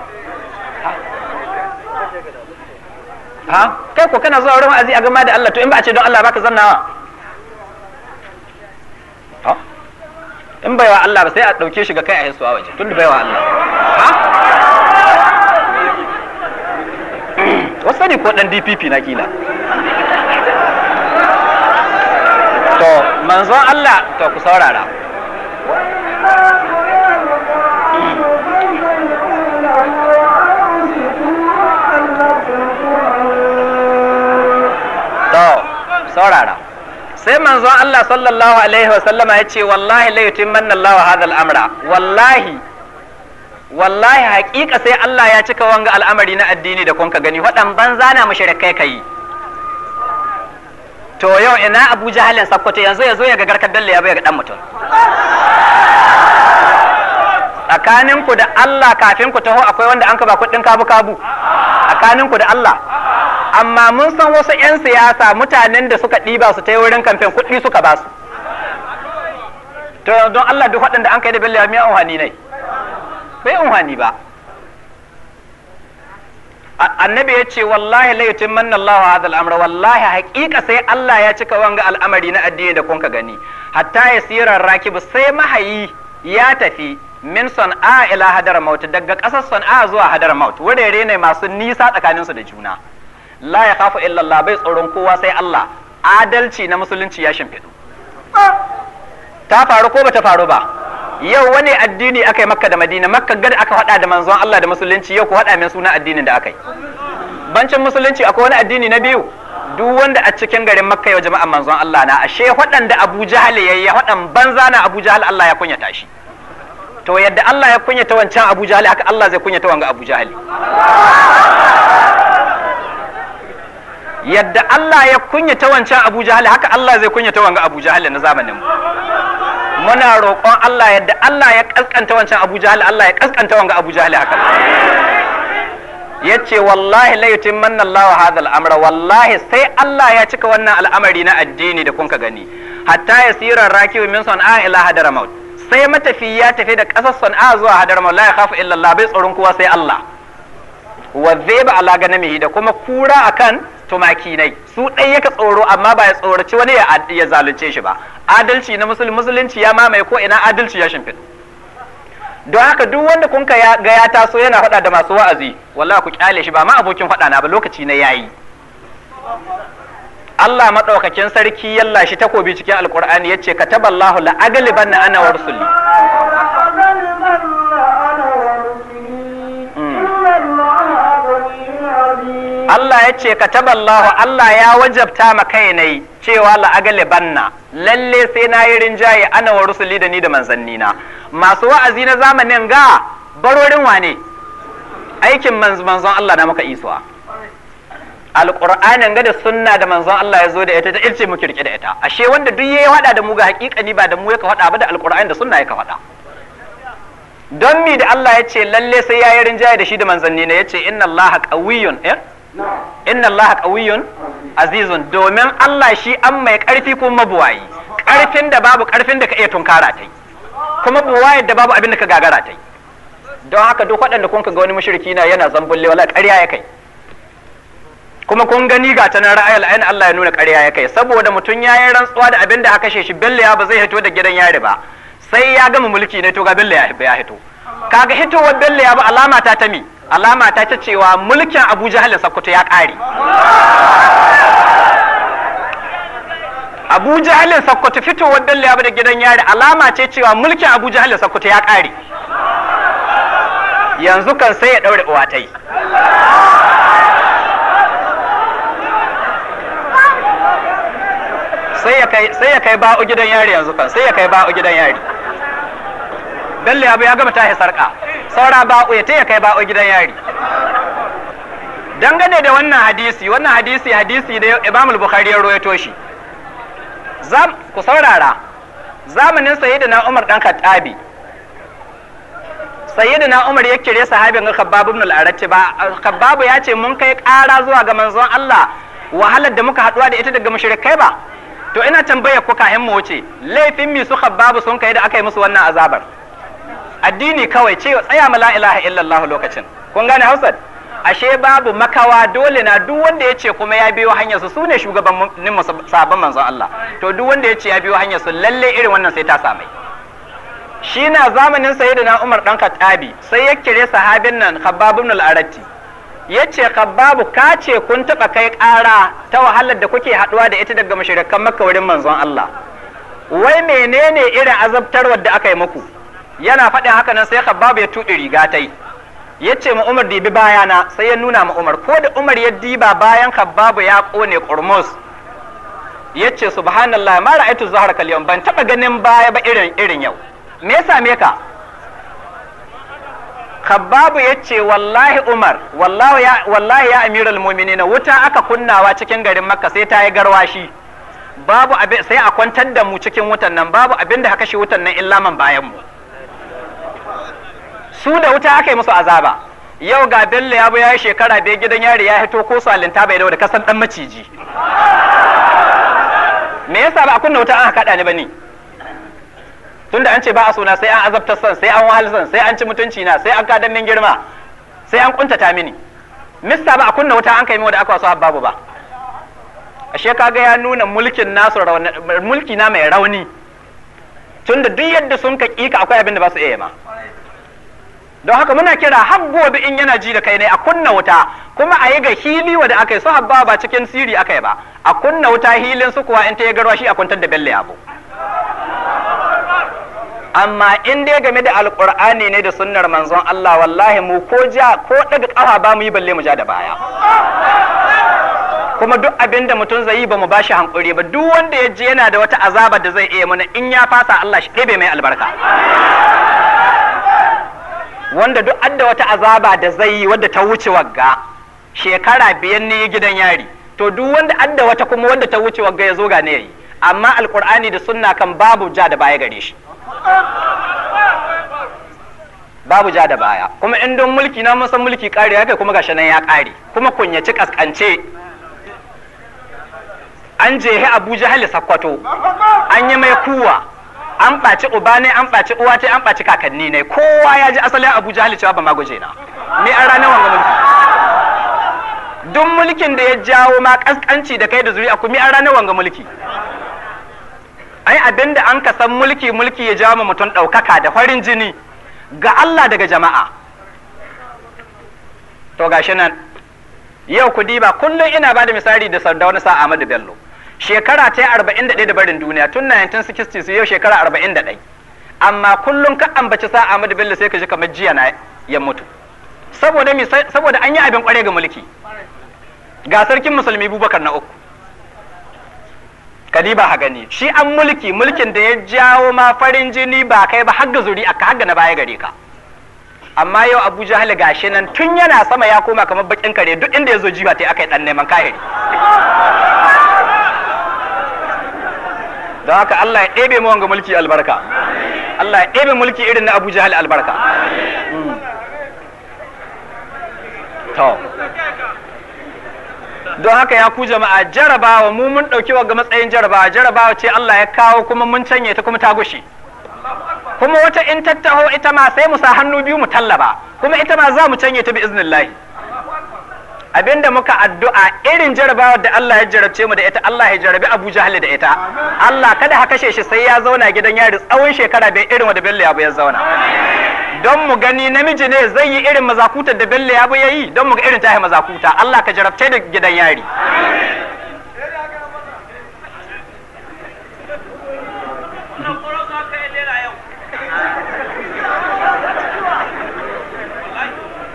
ha kai ko kana zuwa wurin wa'azi a gama da Allah to in ba a ce don Allah baka zannawa ha in baiwa Allah ba sai a dauke shi ga kai a hissuwa waje tun da baiwa Allah ha wasu ne ko dan DPP na kila to manzon Allah to ku saurara saurara sai manzon Allah sallallahu alaihi wasallama ya ce wallahi la manna Allah hadha al-amra wallahi wallahi haƙiƙa sai Allah ya cika wanga al'amari na addini da kun ka gani waɗan banza na mushrikai kai to yau ina Abu ya Sakkwato yanzu ya zo ya ga garkar dalle ya bai ga dan mutum tsakaninku da Allah kafin ku taho akwai wanda an ka ba kuɗin kabu kabu tsakaninku da Allah amma mun san wasu 'yan siyasa mutanen da suka ɗiba su ta wurin kamfen kuɗi suka ba su to don Allah duk waɗanda an kai da billahi miya unhani ne bai unhani ba annabi ya ce wallahi laifin manna Allahu wa al-amra wallahi haƙiƙa sai Allah ya cika wanga al'amari na addini da kun ka gani hatta ya yasira rakibu sai mahayi ya tafi min san'a ila hadar maut daga ƙasar san'a zuwa hadar maut wurare ne masu nisa tsakaninsu da juna la ya kafa illallah bai tsoron kowa sai Allah adalci na musulunci ya shimfiɗu ta faru ko bata faru ba yau wani addini aka yi makka da madina makka gada aka faɗa da manzon Allah da musulunci yau ku faɗa min suna addinin da aka yi bancin musulunci akwai wani addini na biyu duk wanda a cikin garin makka yau jama'an manzon Allah na ashe waɗanda abu jahal yi waɗan banza na abu jahal Allah ya kunyata shi to yadda Allah ya kunyata wancan abu jahal haka Allah zai kunyata wanga abu jahal yadda Allah ya kunyata wancan Abu Jahal haka Allah zai kunyata wanga Abu Jahal na zamanin mu muna roƙon Allah yadda Allah ya kaskanta wancan Abu Jahal Allah ya kaskanta wanga Abu Jahal haka yace wallahi la yutimmanna Allahu hadha al-amra wallahi sai Allah ya cika wannan al'amari na addini da kunka gani hatta yasira rakibu min san'a ila hadramaut sai matafi ya tafi da ƙasar san'a zuwa hadramaut la yakhafu illa Allah bai tsoron kowa sai Allah wa dhib ala ganamihi da kuma kura akan tumaki nai su ɗai yaka tsoro amma ba ya tsoraci wani ya zalunce shi ba adalci na musulunci ya mamaye ko ina adalci ya shimfiɗu don haka duk wanda kun ka ga ya taso yana faɗa da masu wa'azi wallahi ku kyale shi ba ma abokin faɗa na ba lokaci na yayi Allah maɗaukakin sarki yalla shi takobi cikin alkur'ani ya ce ka taballahu la aglibanna ana wa rusuli Allah ya ce kataballahu Allah ya wajabta ma kai ne cewa la agale banna lalle sai na yi rinjaye ana wa rusuli da ni da manzanni na masu wa'azi na zamanin ga barorin wane aikin manzon Allah na muka isuwa alƙur'anin ga da sunna da manzon Allah ya zo da ita ta ilce mu kirki da ita ashe wanda duk yayi wada da mu ga hakikani ba da mu yaka wada ba da alƙur'ani da sunna ka wada don mi da Allah ya ce lalle sai ya yi rinjaye da shi da manzanni na ya ce inna Allah qawiyyun eh inna laha ƙawiyun azizun domin Allah shi an mai karfi ko mabuwayi karfin da babu karfin da ka iya tunkara ta kuma buwayi da babu abin da ka gagara ta don haka duk waɗanda kun ga wani mushriki na yana zambulle wala ƙarya ya kai kuma kun gani ga ta nan ra'ayil ayin Allah ya nuna ƙarya ya kai saboda mutum ya yi rantsuwa da abin da aka kashe shi billa ya ba zai hito da gidan yari ba sai ya gama mulki ne to ga billa ya hito kaga hitowar bello ya ba alama ta ta mi alama ta ta cewa mulkin abu jahal sakkwato ya ƙare abu jahal sakkwato fitowar bello ya ba da gidan yari alama ce cewa mulkin abu jahal sakkwato ya ƙare yanzu kan sai ya ɗaure uwa ta yi sai ya kai ba'u gidan yari yanzu kan sai ya kai ba'u gidan yari bello ya ya gama tahi sarka saura ba'u ya taya kai ba gidan yari dangane da wannan hadisi wannan hadisi hadisi da imamul bukhari ya rawaito shi ku saurara zamanin sayyidina umar dan khattabi sayyidina umar ya kire sahabin ga khabbab ibn al ba khabbab ya ce mun kai ƙara zuwa ga manzon Allah wahalar da muka haduwa da ita daga mushrikai ba to ina tambayar ku kahin mu wuce laifin mi su khabbab sun kai da aka yi musu wannan azabar addini kawai ce tsaya ma la ilaha illallah lokacin kun gane hausar ashe babu makawa dole na duk wanda ya ce kuma ya biyo hanyarsu su ne shugabannin sabon manzon Allah to duk wanda ya ce ya biyo hanyarsu lalle irin wannan sai ta samai shi na zamanin sayyidina Umar dan Khattabi sai ya kire sahabin nan Khabbab ibn al-Aratti yace Khabbab ka ce kun taba kai ƙara ta wahalar da kuke haduwa da ita daga mushrikan Makka wurin manzon Allah wai menene irin azabtarwa da aka yi muku yana faɗin haka nan sai khabbab ya tuɗe riga tai ya ce ma umar dibi bayana sai ya nuna ma umar ko da umar ya diba bayan khabbab ya kone kurmus ya ce subhanallah ma ra'aitu zahar kal yau ban taɓa ganin baya ba irin irin yau me ya same ka khababu ya wallahi umar wallahi ya, wallahi ya amiral muminina wuta aka kunnawa cikin garin makka sai ta yi garwashi babu abin sai a kwantar da mu cikin wutan nan babu abin da haka shi wutan nan illa man bayan mu su da wuta aka yi musu azaba yau ga bello ya ya yi shekara bai gidan yari ya hito ko salinta bai da kasan dan maciji me yasa ba a kunna wuta an kaɗa ni ba tunda an ce ba a sona sai an azabtar san sai an wahal san sai an ci mutunci na sai an kadan min girma sai an kuntata mini mista ba a kunna wuta an kai mu da aka wasu babu ba ashe kaga ya nuna mulkin nasu mulki na mai rauni tunda duk yadda sun ka kika akwai abin da ba su iya ma don haka muna kira gobe in yana ji da kai ne a kunna wuta kuma a yi ga hili wa da aka yi su habba ba cikin siri aka yi ba a kunna wuta hilin su kuwa in ta ya garwa shi a kwantar da belle abu amma in dai game da alkur'ani ne da sunnar manzon Allah wallahi mu ko ja ko daga kafa ba mu yi balle mu ja da baya kuma duk abin da mutum zai yi ba mu ba shi hankuri ba duk wanda ya je yana da wata azaba da zai iya mana in ya fasa Allah shi ɗebe mai albarka wanda duk adda wata azaba da zai yi wadda ta wuce wagga shekara biyan ne gidan yari to duk wanda adda wata kuma wanda ta wuce wagga ya zo ga ne yayi amma alqur'ani da sunna kan babu ja da baya gare shi babu ja da baya kuma in don mulki na san mulki kare ya kai kuma gashi nan ya kare kuma kunyaci kaskance an jehe Abuja hali sakwato an yi mai kuwa an ɓaci uba ne an ɓaci uwa ce an ɓaci kakanni ne kowa ya ji asalin abu jahali cewa ba maguje na ni an ranar wanga mulki duk mulkin da ya jawo ma kaskanci da kai da zuri'a ku mi an ranar wanga mulki ai abin da an ka san mulki mulki ya jawo ma mutum ɗaukaka da farin jini ga Allah daga jama'a to gashi nan yau ku diba kullum ina ba da misali da sardauna sa Ahmadu Bello shekara ta arba'in da ɗaya da barin duniya tun 1960 su yau shekara arba'in da ɗaya amma kullum ka ambaci sa Ahmadu Bello sai ka ji kamar jiya na ya mutu saboda mi saboda an yi abin kware ga mulki ga sarkin musulmi Bubakar na uku kadiba ha gani shi an mulki mulkin da ya jawo ma farin jini ba kai ba har ga zuri aka har na baya gare ka amma yau Abu Jahal gashi nan tun yana sama ya koma kamar bakin kare duk inda ya zo jiba ta akai dan neman kahiri don haka Allah ya ɗebe mu wanga mulki albarka Allah ya ɗebe mulki irin na Abu Jahal albarka hmm. don haka ya ku jama'a jarabawa mu mun ɗauki wa ga matsayin jarabawa jarabawa ce Allah ya kawo kuma mun canye ta kuma ta gushi kuma wata in tattaho ita ma sai mu sa hannu biyu mu tallaba kuma ita ma za mu canye ta bi iznillahi abinda muka addu'a irin jarabawar da Allah ya jarabce mu da ita Allah ya jarabi Abu Jahl da ita Allah kada haka kashe shi sai ya zauna gidan yari tsawon shekara bai irin wanda Bello Yabo ya zauna don mu gani namiji ne zai yi irin mazakutar da Bello Yabo ya yi don mu ga irin tahi mazakuta Allah ka jarabce da gidan yari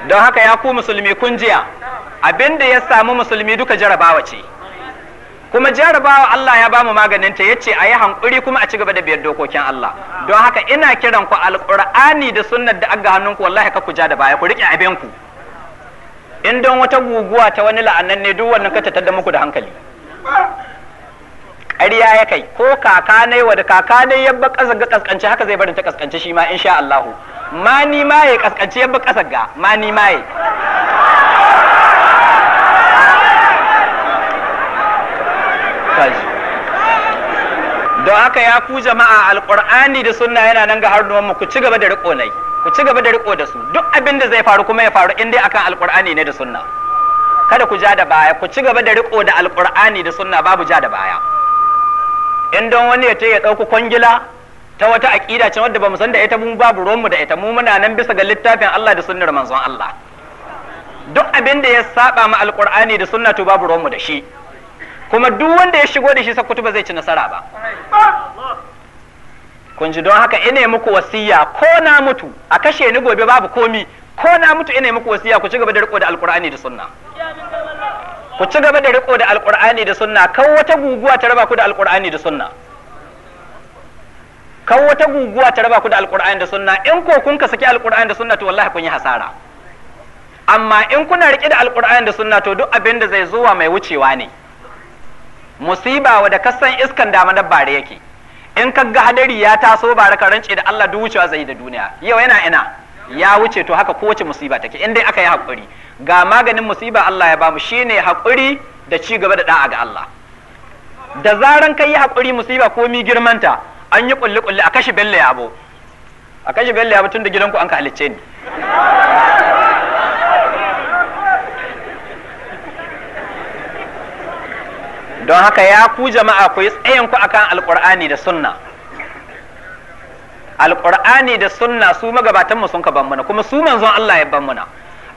don haka ya ku musulmi kun jiya abin da ya samu musulmi duka jarabawa ce kuma jarabawa Allah ya bamu maganin maganinta yace a yi hankuri kuma a ci gaba da biyar dokokin Allah don haka ina kiran ku alqur'ani da sunnar da aga hannunku wallahi ka ku ja da baya ku rike abin ku in don wata guguwa ta wani la'anan ne duk wannan ka tattada muku da hankali ƙarya ya kai ko kaka ne wa da kaka ne ya ba kasaga kaskance haka zai ta kaskance shi ma insha Allah ma ni ma ya kaskanci ya ba kasaga ma ni ma ya kaji don haka ya ku jama'a alqur'ani da sunna yana nan ga harnuwanmu ku ci gaba da riko nai ku ci gaba da riko da su duk abin da zai faru kuma ya faru in dai akan alqur'ani ne da sunna kada ku ja da baya ku ci gaba da riko da alqur'ani da sunna babu ja da baya in don wani ya ya dauko kwangila ta wata aqida ce wadda bamu san da ita mu babu ruwan da ita mu muna nan bisa ga littafin Allah da sunnar manzon Allah duk abin da ya saba mu alqur'ani da sunna to babu ruwan da shi kuma duk wanda ya shigo da shi sakkwato ba zai ci nasara ba kun ji don haka ina muku wasiya ko na mutu a kashe ni gobe babu komi ko na mutu ina muku wasiya ku ci gaba da riko da alkur'ani da sunna ku ci gaba da riko da alkur'ani da sunna kan wata guguwa ta raba ku da alkur'ani da sunna kan wata guguwa ta raba ku da alkur'ani da sunna in ko kun ka saki alkur'ani da sunna to wallahi kun yi hasara amma in kuna rike da alkur'ani da sunna to duk abin da zai zuwa mai wucewa ne musiba wadda kasan iskan dama na bare yake in ka ga hadari ya taso ba ka rance da Allah duk wucewa zai da duniya yau yana ina ya wuce to haka kowace musiba take in dai aka yi hakuri ga maganin musiba Allah ya bamu shine hakuri da ci gaba da da'a ga Allah da zaran ka yi hakuri musiba ko mi girmanta an yi kulli kulli a kashe bella yabo a kashi bella yabo tun da gidanku an ka halicce ni don haka ya ku jama'a ku yi ku akan alkur'ani da sunna alkur'ani da sunna su mu sun ka ban muna kuma su manzon Allah ya ban muna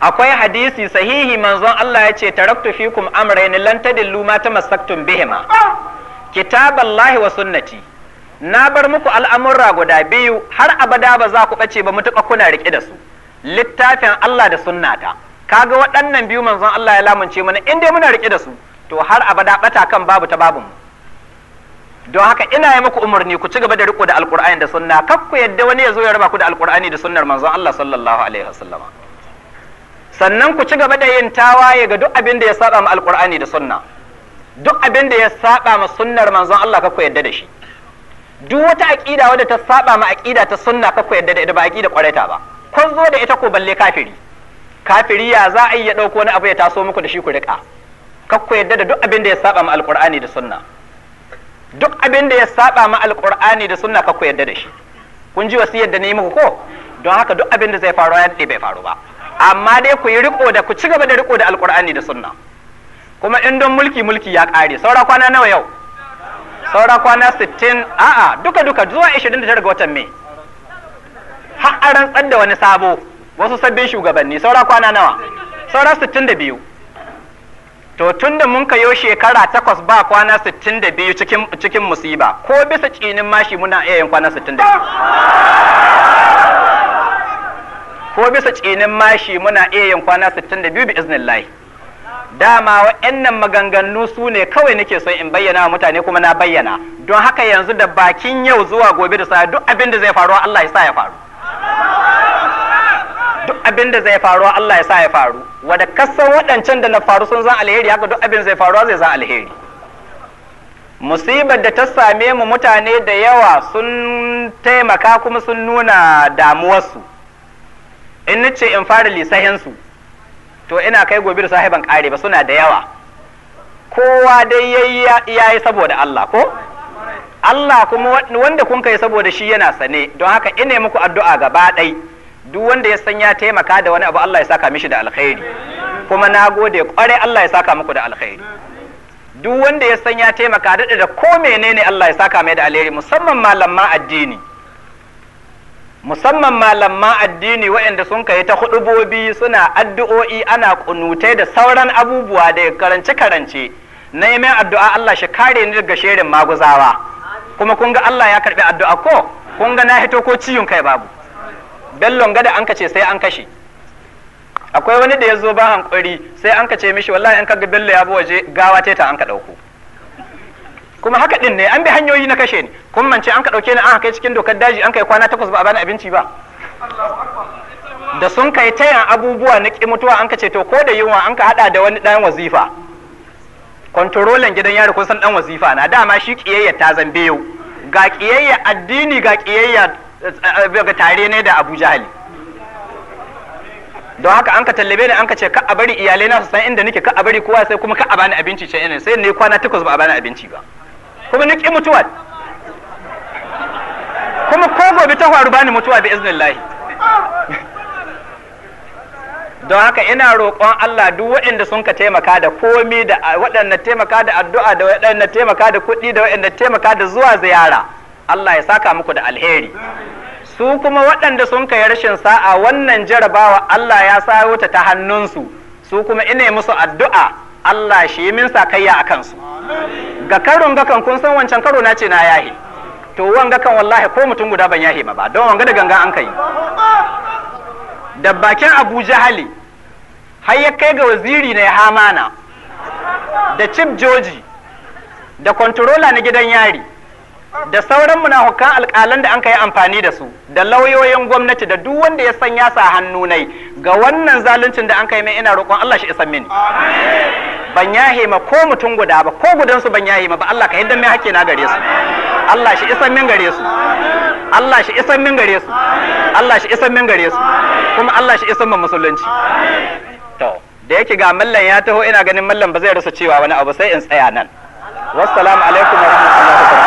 akwai hadisi sahihi manzon Allah ya ce taraktu fikum amrayn lan tadillu ma tamassaktum bihima kitaballahi wa sunnati na bar muku al'amurra guda biyu har abada ba za ku bace ba mutuka kuna rike da su littafin Allah da sunnata kaga waɗannan biyu manzon Allah ya lamunce mana in dai muna rike da su to har abada bata kan babu ta babu mu don haka ina yi muku umarni ku ci gaba da riko da alkur'ani da sunna kar ku yadda wani ya zo ya raba ku da alkur'ani da sunnar manzon Allah sallallahu alaihi wasallam sannan ku ci gaba da yin tawaye ga duk abin da ya saba ma alkur'ani da sunna duk abin da ya saba ma sunnar manzon Allah kar ku yadda da shi duk wata aqida wadda ta saba ma aqida ta sunna kar ku yadda da ita ba aqida kwareta ba kun zo da ita ko balle kafiri kafiri ya za a yi ya dauko wani abu ya taso muku da shi ku rika ku yadda da duk abin da ya saba ma alkur'ani da sunna duk abin da ya saba ma alkur'ani da sunna ku yadda da shi kun ji wasu da ne muku ko don haka duk abin da zai faru ya dade bai faru ba amma dai ku yi riko da ku ci gaba da riko da alkur'ani da sunna kuma in don mulki mulki ya kare saura kwana nawa yau saura kwana 60 a'a duka duka zuwa 29 ga watan mai har an rantsar da wani sabo wasu sabbin shugabanni saura kwana nawa saura 62 to tun da mun kayo shekara takwas ba kwana sittin da biyu cikin musiba ko bisa tsinin mashi muna iya yin kwana sittin da biyu ko bisa tsinin mashi muna iya yin kwana sittin da biyu bi iznillahi dama wa'annan maganganu su ne kawai nake son in bayyana wa mutane kuma na bayyana don haka yanzu da bakin yau zuwa gobe da sa duk abin da zai faru Allah ya sa ya faru abin da zai faruwa Allah ya sa ya faru wada kasan waɗancan da na faru sun zan alheri haka duk abin zai faruwa zai zan alheri musibar da ta same mu mutane da yawa sun taimaka kuma sun nuna damuwarsu in nace in fara lisahinsu to ina kai gobe da sahiban ƙare ba suna da yawa kowa dai yayi yi saboda Allah ko Allah kuma wanda kun kai saboda shi yana sane don haka ina muku addu'a gaba ɗaya duk wanda ya san ya taimaka da wani abu Allah ya saka mishi da alkhairi kuma na gode kware Allah ya saka muku da alkhairi duk wanda ya san ya taimaka da da ko menene Allah ya saka mai da alheri musamman malaman addini musamman malaman addini waɗanda sun kai ta hudubobi suna addu'o'i ana kunutai da sauran abubuwa da karance karance na yi addu'a Allah shi kare ni daga sherin maguzawa kuma kun ga Allah ya karbi addu'a ko kun ga na hito ko ciyon kai babu bellon gada an kace sai an kashe akwai wani da ya zo ba hankuri sai an kace mishi wallahi an kaga bello ya bi waje gawa ta an ka dauko kuma haka din ne an bi hanyoyi na kashe ne kun mance an ka dauke ni an kai cikin dokar daji an kai kwana takwas ba a bani abinci ba da sun kai tayan abubuwa na mutuwa an kace to ko da yunwa an ka hada da wani dan wazifa kontrolan gidan yari kun san dan wazifa na dama shi kiyayya ta zambe yau ga kiyayya addini ga kiyayya ga tare ne da abu jahali don haka an ka tallabe ni an ka ce ka a bari iyalai na su san inda nake ka a bari kowa sai kuma ka a bani abinci ce ina sai ne kwana takwas ba a bani abinci ba kuma ni ki mutuwa kuma ko gobe ta faru bani mutuwa bi iznillahi don haka ina roƙon Allah duk waɗanda sun ka taimaka da komi da waɗanda taimaka da addu'a da waɗanda taimaka da kuɗi da waɗanda taimaka da zuwa ziyara Allah ya saka muku da alheri su kuma waɗanda sun kai rashin sa'a wannan jarabawa Allah ya sayo ta ta hannunsu su kuma ina musu addu'a Allah shi min sa-kayya a kansu ga karon ga kan kun san wancan karo na ce na yahi to wanga kan wallahi ko mutum guda ban yahi ba don wanga da ganga an kai da bakin Abu Jahali har ya kai ga waziri na Hamana da Chief Joji da controller na gidan yari da sauran munafukan alƙalan da an yi amfani da su da lauyoyin gwamnati da duk wanda ya san ya sa hannu nai ga wannan zaluncin da an kai mai ina roƙon Allah shi isan mini ban yahe ma ko mutum guda ba ko gudan su ban yahe ma ba Allah ka hiddan mai hakke na gare su Allah shi isan min gare su Allah shi isan min gare su Allah shi isan min gare su kuma Allah shi isan min musulunci to da yake ga mallan ya taho ina ganin mallan ba zai rasa cewa wani abu sai in tsaya nan wassalamu alaikum wa rahmatullahi wa barakatuh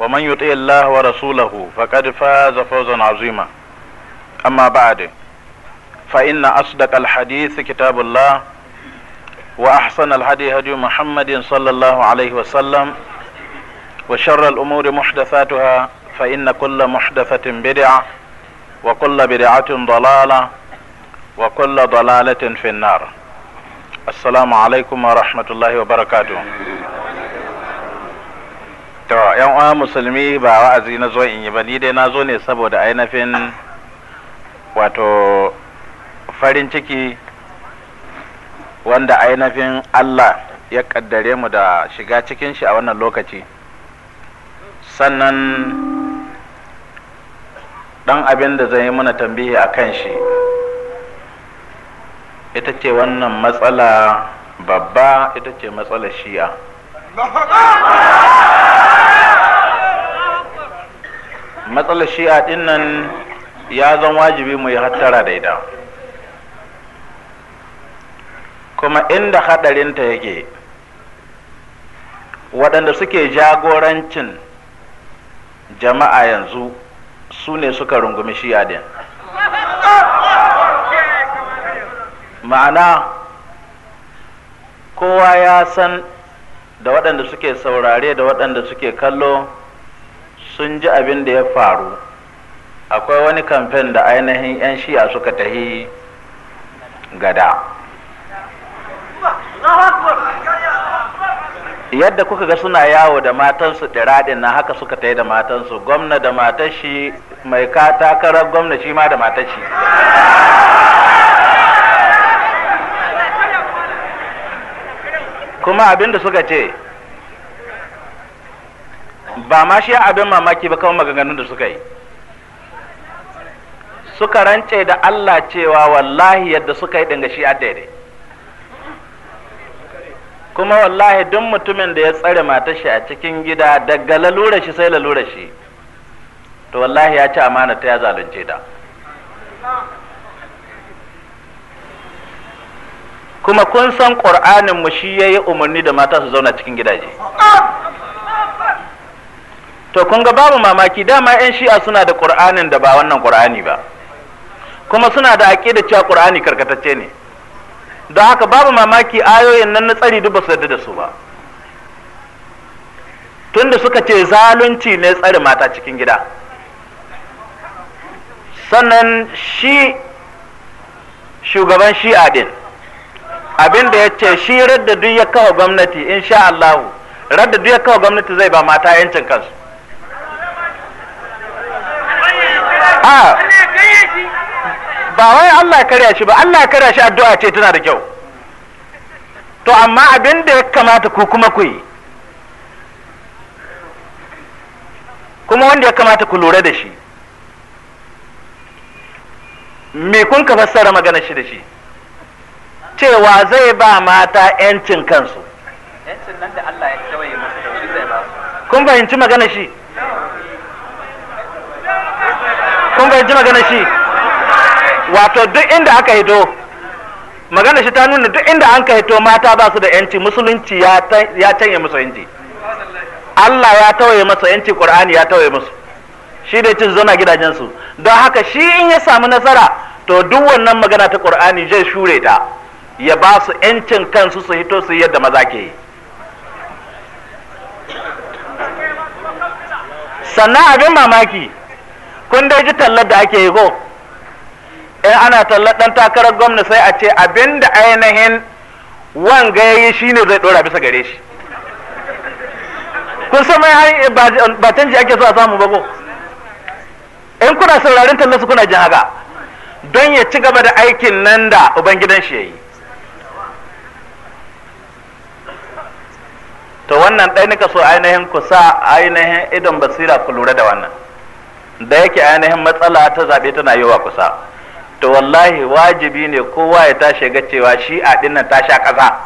ومن يطيع الله ورسوله فقد فاز فوزا عظيما أما بعد فإن أصدق الحديث كتاب الله وأحسن الهدي هدي محمد صلى الله عليه وسلم وشر الأمور محدثاتها فإن كل محدثة بدعة وكل بدعة ضلالة وكل ضلالة في النار السلام عليكم ورحمة الله وبركاته to yan uwa musulmi ba wa'azi na zo in yi ba ni dai na zo ne saboda ainihin wato farin ciki wanda ainihin Allah ya kaddare mu da shiga cikin shi a wannan lokaci sannan ɗan abin da zai yi mana tambihi a kan shi ita ce wannan matsala babba ita ce matsalar shi'a matsalar shi'a din nan ya zan wajibi mu yi hattara da ita kuma inda haɗarinta yake waɗanda suke jagorancin jama'a yanzu su ne suka rungumi shi'a ɗin ma'ana kowa ya san da waɗanda suke saurare da waɗanda suke kallo sun ji abin da ya faru akwai wani kamfen da ainihin 'yan shiya suka tahi gada yadda kuka ga suna yawo da matansu ɗiraɗin na haka suka tahi da matansu gwamna da matashi mai takarar gwamna shi ma da matashi kuma abin da suka ce ba ma shi abin mamaki ba kawai maganganun da suka yi suka rance da Allah cewa wallahi yadda suka yi dinga shi daidai kuma wallahi duk mutumin da ya tsare matar shi a cikin gida daga lalura shi sai lalura shi to wallahi ya ci amana ta ya zalunce ta kuma kun san ƙur'anin mu shi yi umarni da mata su zauna cikin gidaje to kun ga babu mamaki dama 'yan shi'a suna da ƙur'anin da ba wannan ƙur'ani ba kuma suna da aƙida cewa ƙur'ani karkatacce ne don haka babu mamaki ayoyin nan na tsari duk ba su da su ba tunda suka ce zalunci ne tsare mata cikin gida sannan shi shugaban shi'a din abin da ya ce shi radda duk ya kawo gwamnati insha Allahu radda duk ya kawo gwamnati zai ba mata yancin kansu ba wai Allah karya shi ba Allah karya shi addu'a ce tana da kyau to amma abin da ya kamata ku kuma ku yi kuma wanda ya kamata ku lura da shi me kun ka fassara magana shi da shi cewa zai ba mata 'yancin kansu 'yancin nan da Allah ya kun fahimci magana shi kun ji magana shi wato duk inda aka hito magana shi ta nuna duk inda an ka hito mata ba su da yanci musulunci ya canye musu yanci Allah ya tawaye masa yanci Qur'ani ya tawaye musu shi da cin zona gidajensu don haka shi in ya samu nasara to duk wannan magana ta Qur'ani zai shure ta ya ba su yancin kansu su hito su yadda maza ke yi sannan abin mamaki kun dai ji tallar da ake yi ko in eh, ana tallar ɗan takarar gwamna sai a ce abin ainihin wanga ya yi shi ne zai ɗora bisa gare shi kun san mai ba canji ake so a samu ba in kuna saurarin tallar su kuna jin haka don ya ci gaba da aikin nan da ubangidan shi ya yi to wannan ɗai nika so ainihin kusa ainihin idon basira ku lura da wannan da yake ainihin matsala ta zaɓe tana yawa kusa to wallahi wajibi ne kowa ya tashi ga cewa shi a dinnan ta sha ƙasa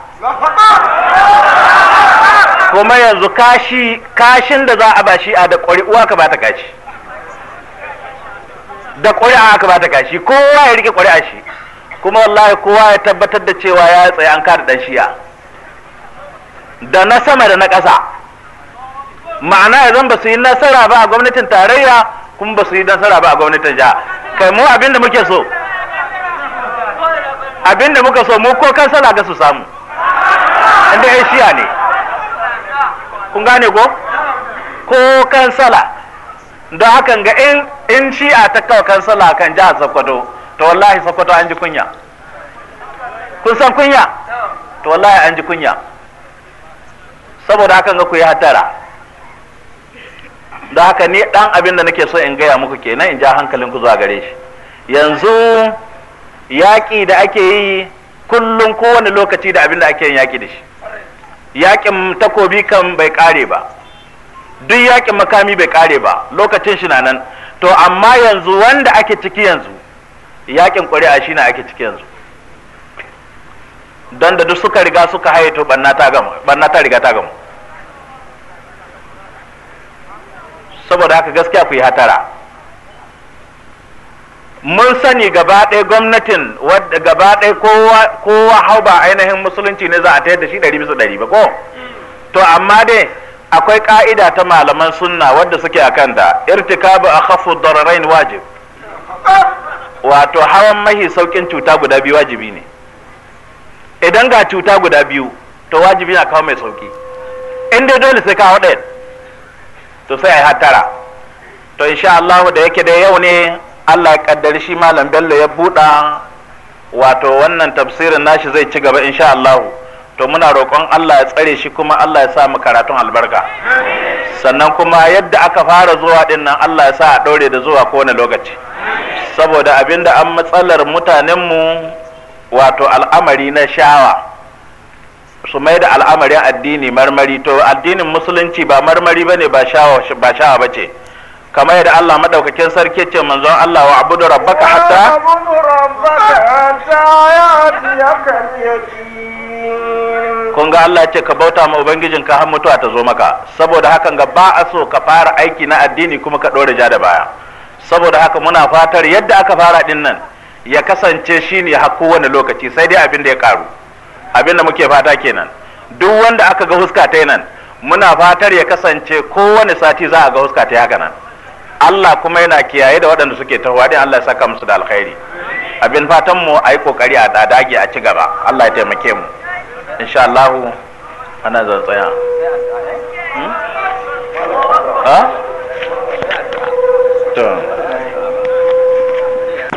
kuma yanzu kashi kashin da za a ba shi a da ƙuri'uwa ka ba ta kashi da ƙuri'a ka ba ta kashi kowa ya rike ƙuri'a shi kuma wallahi kowa ya tabbatar da cewa ya tsaye an kada dan shiya da na sama da na ƙasa ma'ana yanzu zan ba su yi nasara ba a gwamnatin tarayya kuma ba su yi nasara ba a gwamnatin jiha kai mu abin da muke so abin da muka so mu ko kansala ga su samu inda ya shiya ne kun gane ko ko kansala don hakan ga in shiya ta kawo kansala kan jiha sokoto to wallahi sokoto an ji kunya kun san kunya to wallahi an ji kunya saboda hakan ga ku yi hatara don haka ni dan abin da nake so in gaya muku kenan in ja hankalin ku zuwa gare shi yanzu yaƙi da ake yi kullum kowane lokaci da abin da ake yin yaƙi da shi yaƙin takobi kan bai ƙare ba duk yaƙin makami bai ƙare ba lokacin shi na nan to amma yanzu wanda ake ciki yanzu yaƙin ƙuri'a shi na ake ciki yanzu don da duk suka riga suka haye to banna ta riga ta gama saboda haka gaskiya ku yi hatara mun sani gaba ɗaya gwamnatin wadda gaba ɗaya kowa hau ba ainihin musulunci ne za a tayar da shi ɗari bisa ɗari ba ko to amma dai akwai ƙa'ida ta malaman sunna wadda suke a kanta irtikabu a khafu dararain wajib wato hawan mahi saukin cuta guda biyu wajibi ne idan ga cuta guda biyu to wajibi na kawo mai sauki in dai dole sai kawo ɗaya to sai a hatara to insha Allah da yake da yau ne Allah ya kaddari shi malam Bello ya buɗa wato wannan tafsirin nashi zai ci gaba insha Allah to muna roƙon Allah ya tsare shi kuma Allah ya sa mu karatun albarka sannan kuma yadda aka fara zuwa din Allah ya sa a ɗaure da zuwa kowane lokaci saboda abinda an matsalar mutanenmu wato al'amari na shawa. su mai da al'amarin addini marmari to addinin musulunci ba marmari ba ne ba shawa ba ce kamar yadda Allah madaukakin sarki ce manzon Allah wa abudu rabbaka hatta kun ga Allah ce ka bauta ma ubangijin ka har mutuwa ta zo maka saboda hakan ga ba a so ka fara aiki na addini kuma ka ɗora ja da baya saboda haka muna fatar yadda aka fara ɗin nan ya kasance shine har kowane lokaci sai dai abin da ya karu abinda muke fata kenan duk wanda aka ga huska ta nan muna fatar ya kasance kowane sati za a ga huska ta haka nan Allah kuma yana kiyaye da waɗanda suke tahowa dai Allah ya saka musu da alkhairi abin fatan mu a yi kokari a dadage a ci gaba Allah ya taimake mu insha Allah ana zan tsaya hmm?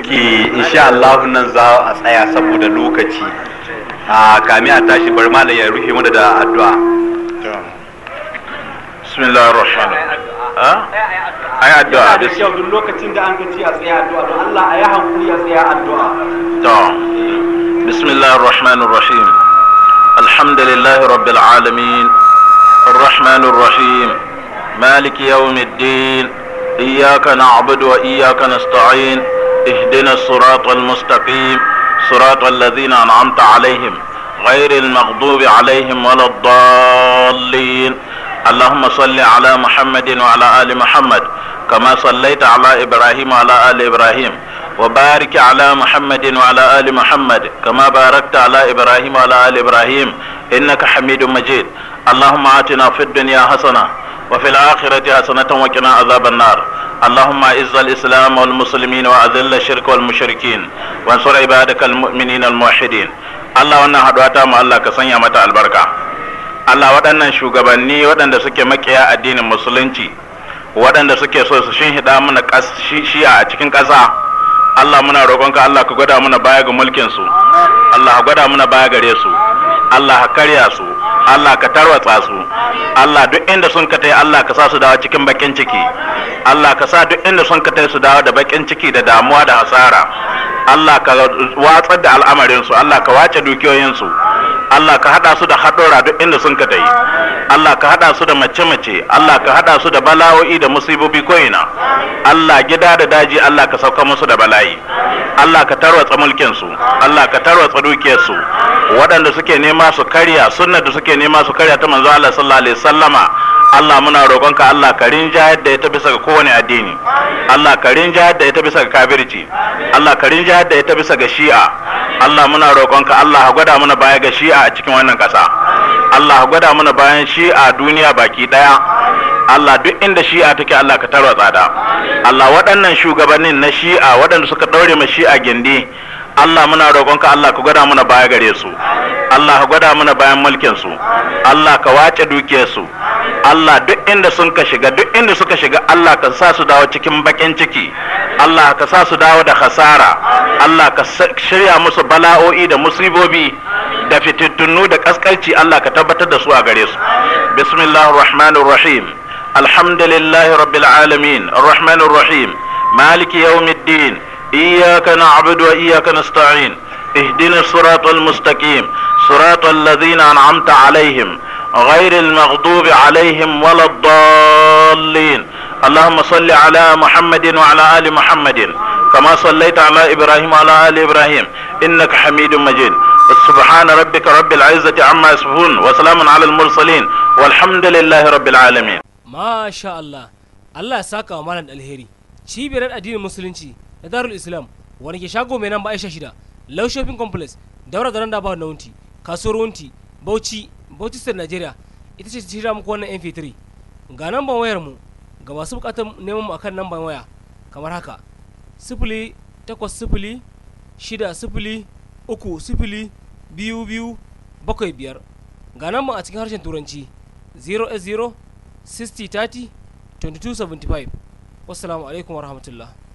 ki insha Allah nan za a tsaya saboda lokaci a kami a tashi bari malam ya rufe mu da addu'a bismillahir rahmanir ai addu'a da kyau duk lokacin da an ga ci a tsaya addu'a don Allah a yi hankuri a tsaya addu'a to bismillahir rahmanir rahim alhamdulillahi rabbil alamin الرحمن الرحيم مالك يوم الدين إياك نعبد وإياك نستعين اهدنا الصراط المستقيم صراط الذين أنعمت عليهم غير المغضوب عليهم ولا الضالين اللهم صل على محمد وعلى آل محمد كما صليت على إبراهيم وعلى آل إبراهيم وبارك على محمد وعلى آل محمد كما باركت على إبراهيم وعلى آل إبراهيم إنك حميد مجيد اللهم آتنا في الدنيا حسنة وفي الآخرة حسنة وقنا عذاب النار اللهم اعز الإسلام والمسلمين وأذل الشرك والمشركين وانصر عبادك المؤمنين الموحدين Allah wannan haɗuwa ta mu Allah ka sanya mata albarka Allah waɗannan shugabanni waɗanda suke makiya addinin musulunci waɗanda suke so su shinhiɗa mana shi'a a cikin ƙasa Allah muna roƙonka Allah ka gwada mana baya ga mulkin su Allah ka gwada mana baya gare su Allah ka karya su Allah ka tarwatsa su Allah duk inda sun ka Allah ka sa su dawo cikin bakin ciki Allah ka sa duk inda sun ka su dawo da bakin ciki da damuwa da hasara Allah ka watsar da al'amarin su Allah ka wace dukiyoyin su Allah ka hada su da haɗura duk inda sun ka ta yi Allah ka hada su da mace-mace Allah ka hada su da bala'o'i da musibobi ko'ina Allah gida da daji Allah ka sauka musu da bala'i Allah ka tarwatsa mulkin su Allah ka tarwatsa dukiyar su waɗanda suke nema su karya sunna da suke nema su karya ta manzo Allah sallallahu alaihi wasallama Allah muna roƙonka Allah ka rinja yadda ita bisa ga kowane addini Allah ka rinja yadda ita bisa ga kafirci Allah ka rinja yadda ita bisa ga shi'a Allah muna roƙonka Allah gwada mana baya ga shi'a a cikin wannan ƙasa Allah gwada mana bayan shi'a duniya baki ɗaya Allah duk inda shi'a take Allah ka tarwatsa da Allah waɗannan shugabannin na shi'a waɗanda suka ɗaure ma shi'a gindi Allah muna roƙonka Allah ka gwada mana baya gare su Allah ka gwada mana bayan mulkin su Allah ka wace duke su Allah duk inda sun ka shiga duk inda suka shiga Allah ka sa su dawo cikin bakin ciki Allah ka sa su dawo da hasara Allah ka shirya musu bala'o'i da musibobi da fitittunu da kaskalci Allah ka tabbatar da su a gare su bismillahir rahmanir rahim alhamdulillahi rabbil alamin arrahmanir maliki yawmiddin إياك نعبد وإياك نستعين اهدنا الصراط المستقيم صراط الذين أنعمت عليهم غير المغضوب عليهم ولا الضالين اللهم صل على محمد وعلى آل محمد كما صليت على إبراهيم وعلى آل إبراهيم إنك حميد مجيد سبحان ربك رب العزة عما يصفون وسلام على المرسلين والحمد لله رب العالمين ما شاء الله الله ساكا ومالا الهيري cibiyar addinin musulunci da darul islam wani ke shago mai nan ba aisha shida low shopping complex daura da randa ba na wunti kasuwar wunti bauchi bauchi state nigeria ita ce shirya muku wannan mp3 ga namban wayar mu ga masu bukatar neman mu akan namban waya kamar haka sifili takwas sifili shida sifili uku sifili biyu biyu bakwai biyar ga namban a cikin harshen turanci 0 60 30 22 75 wassalamu alaikum rahmatullah.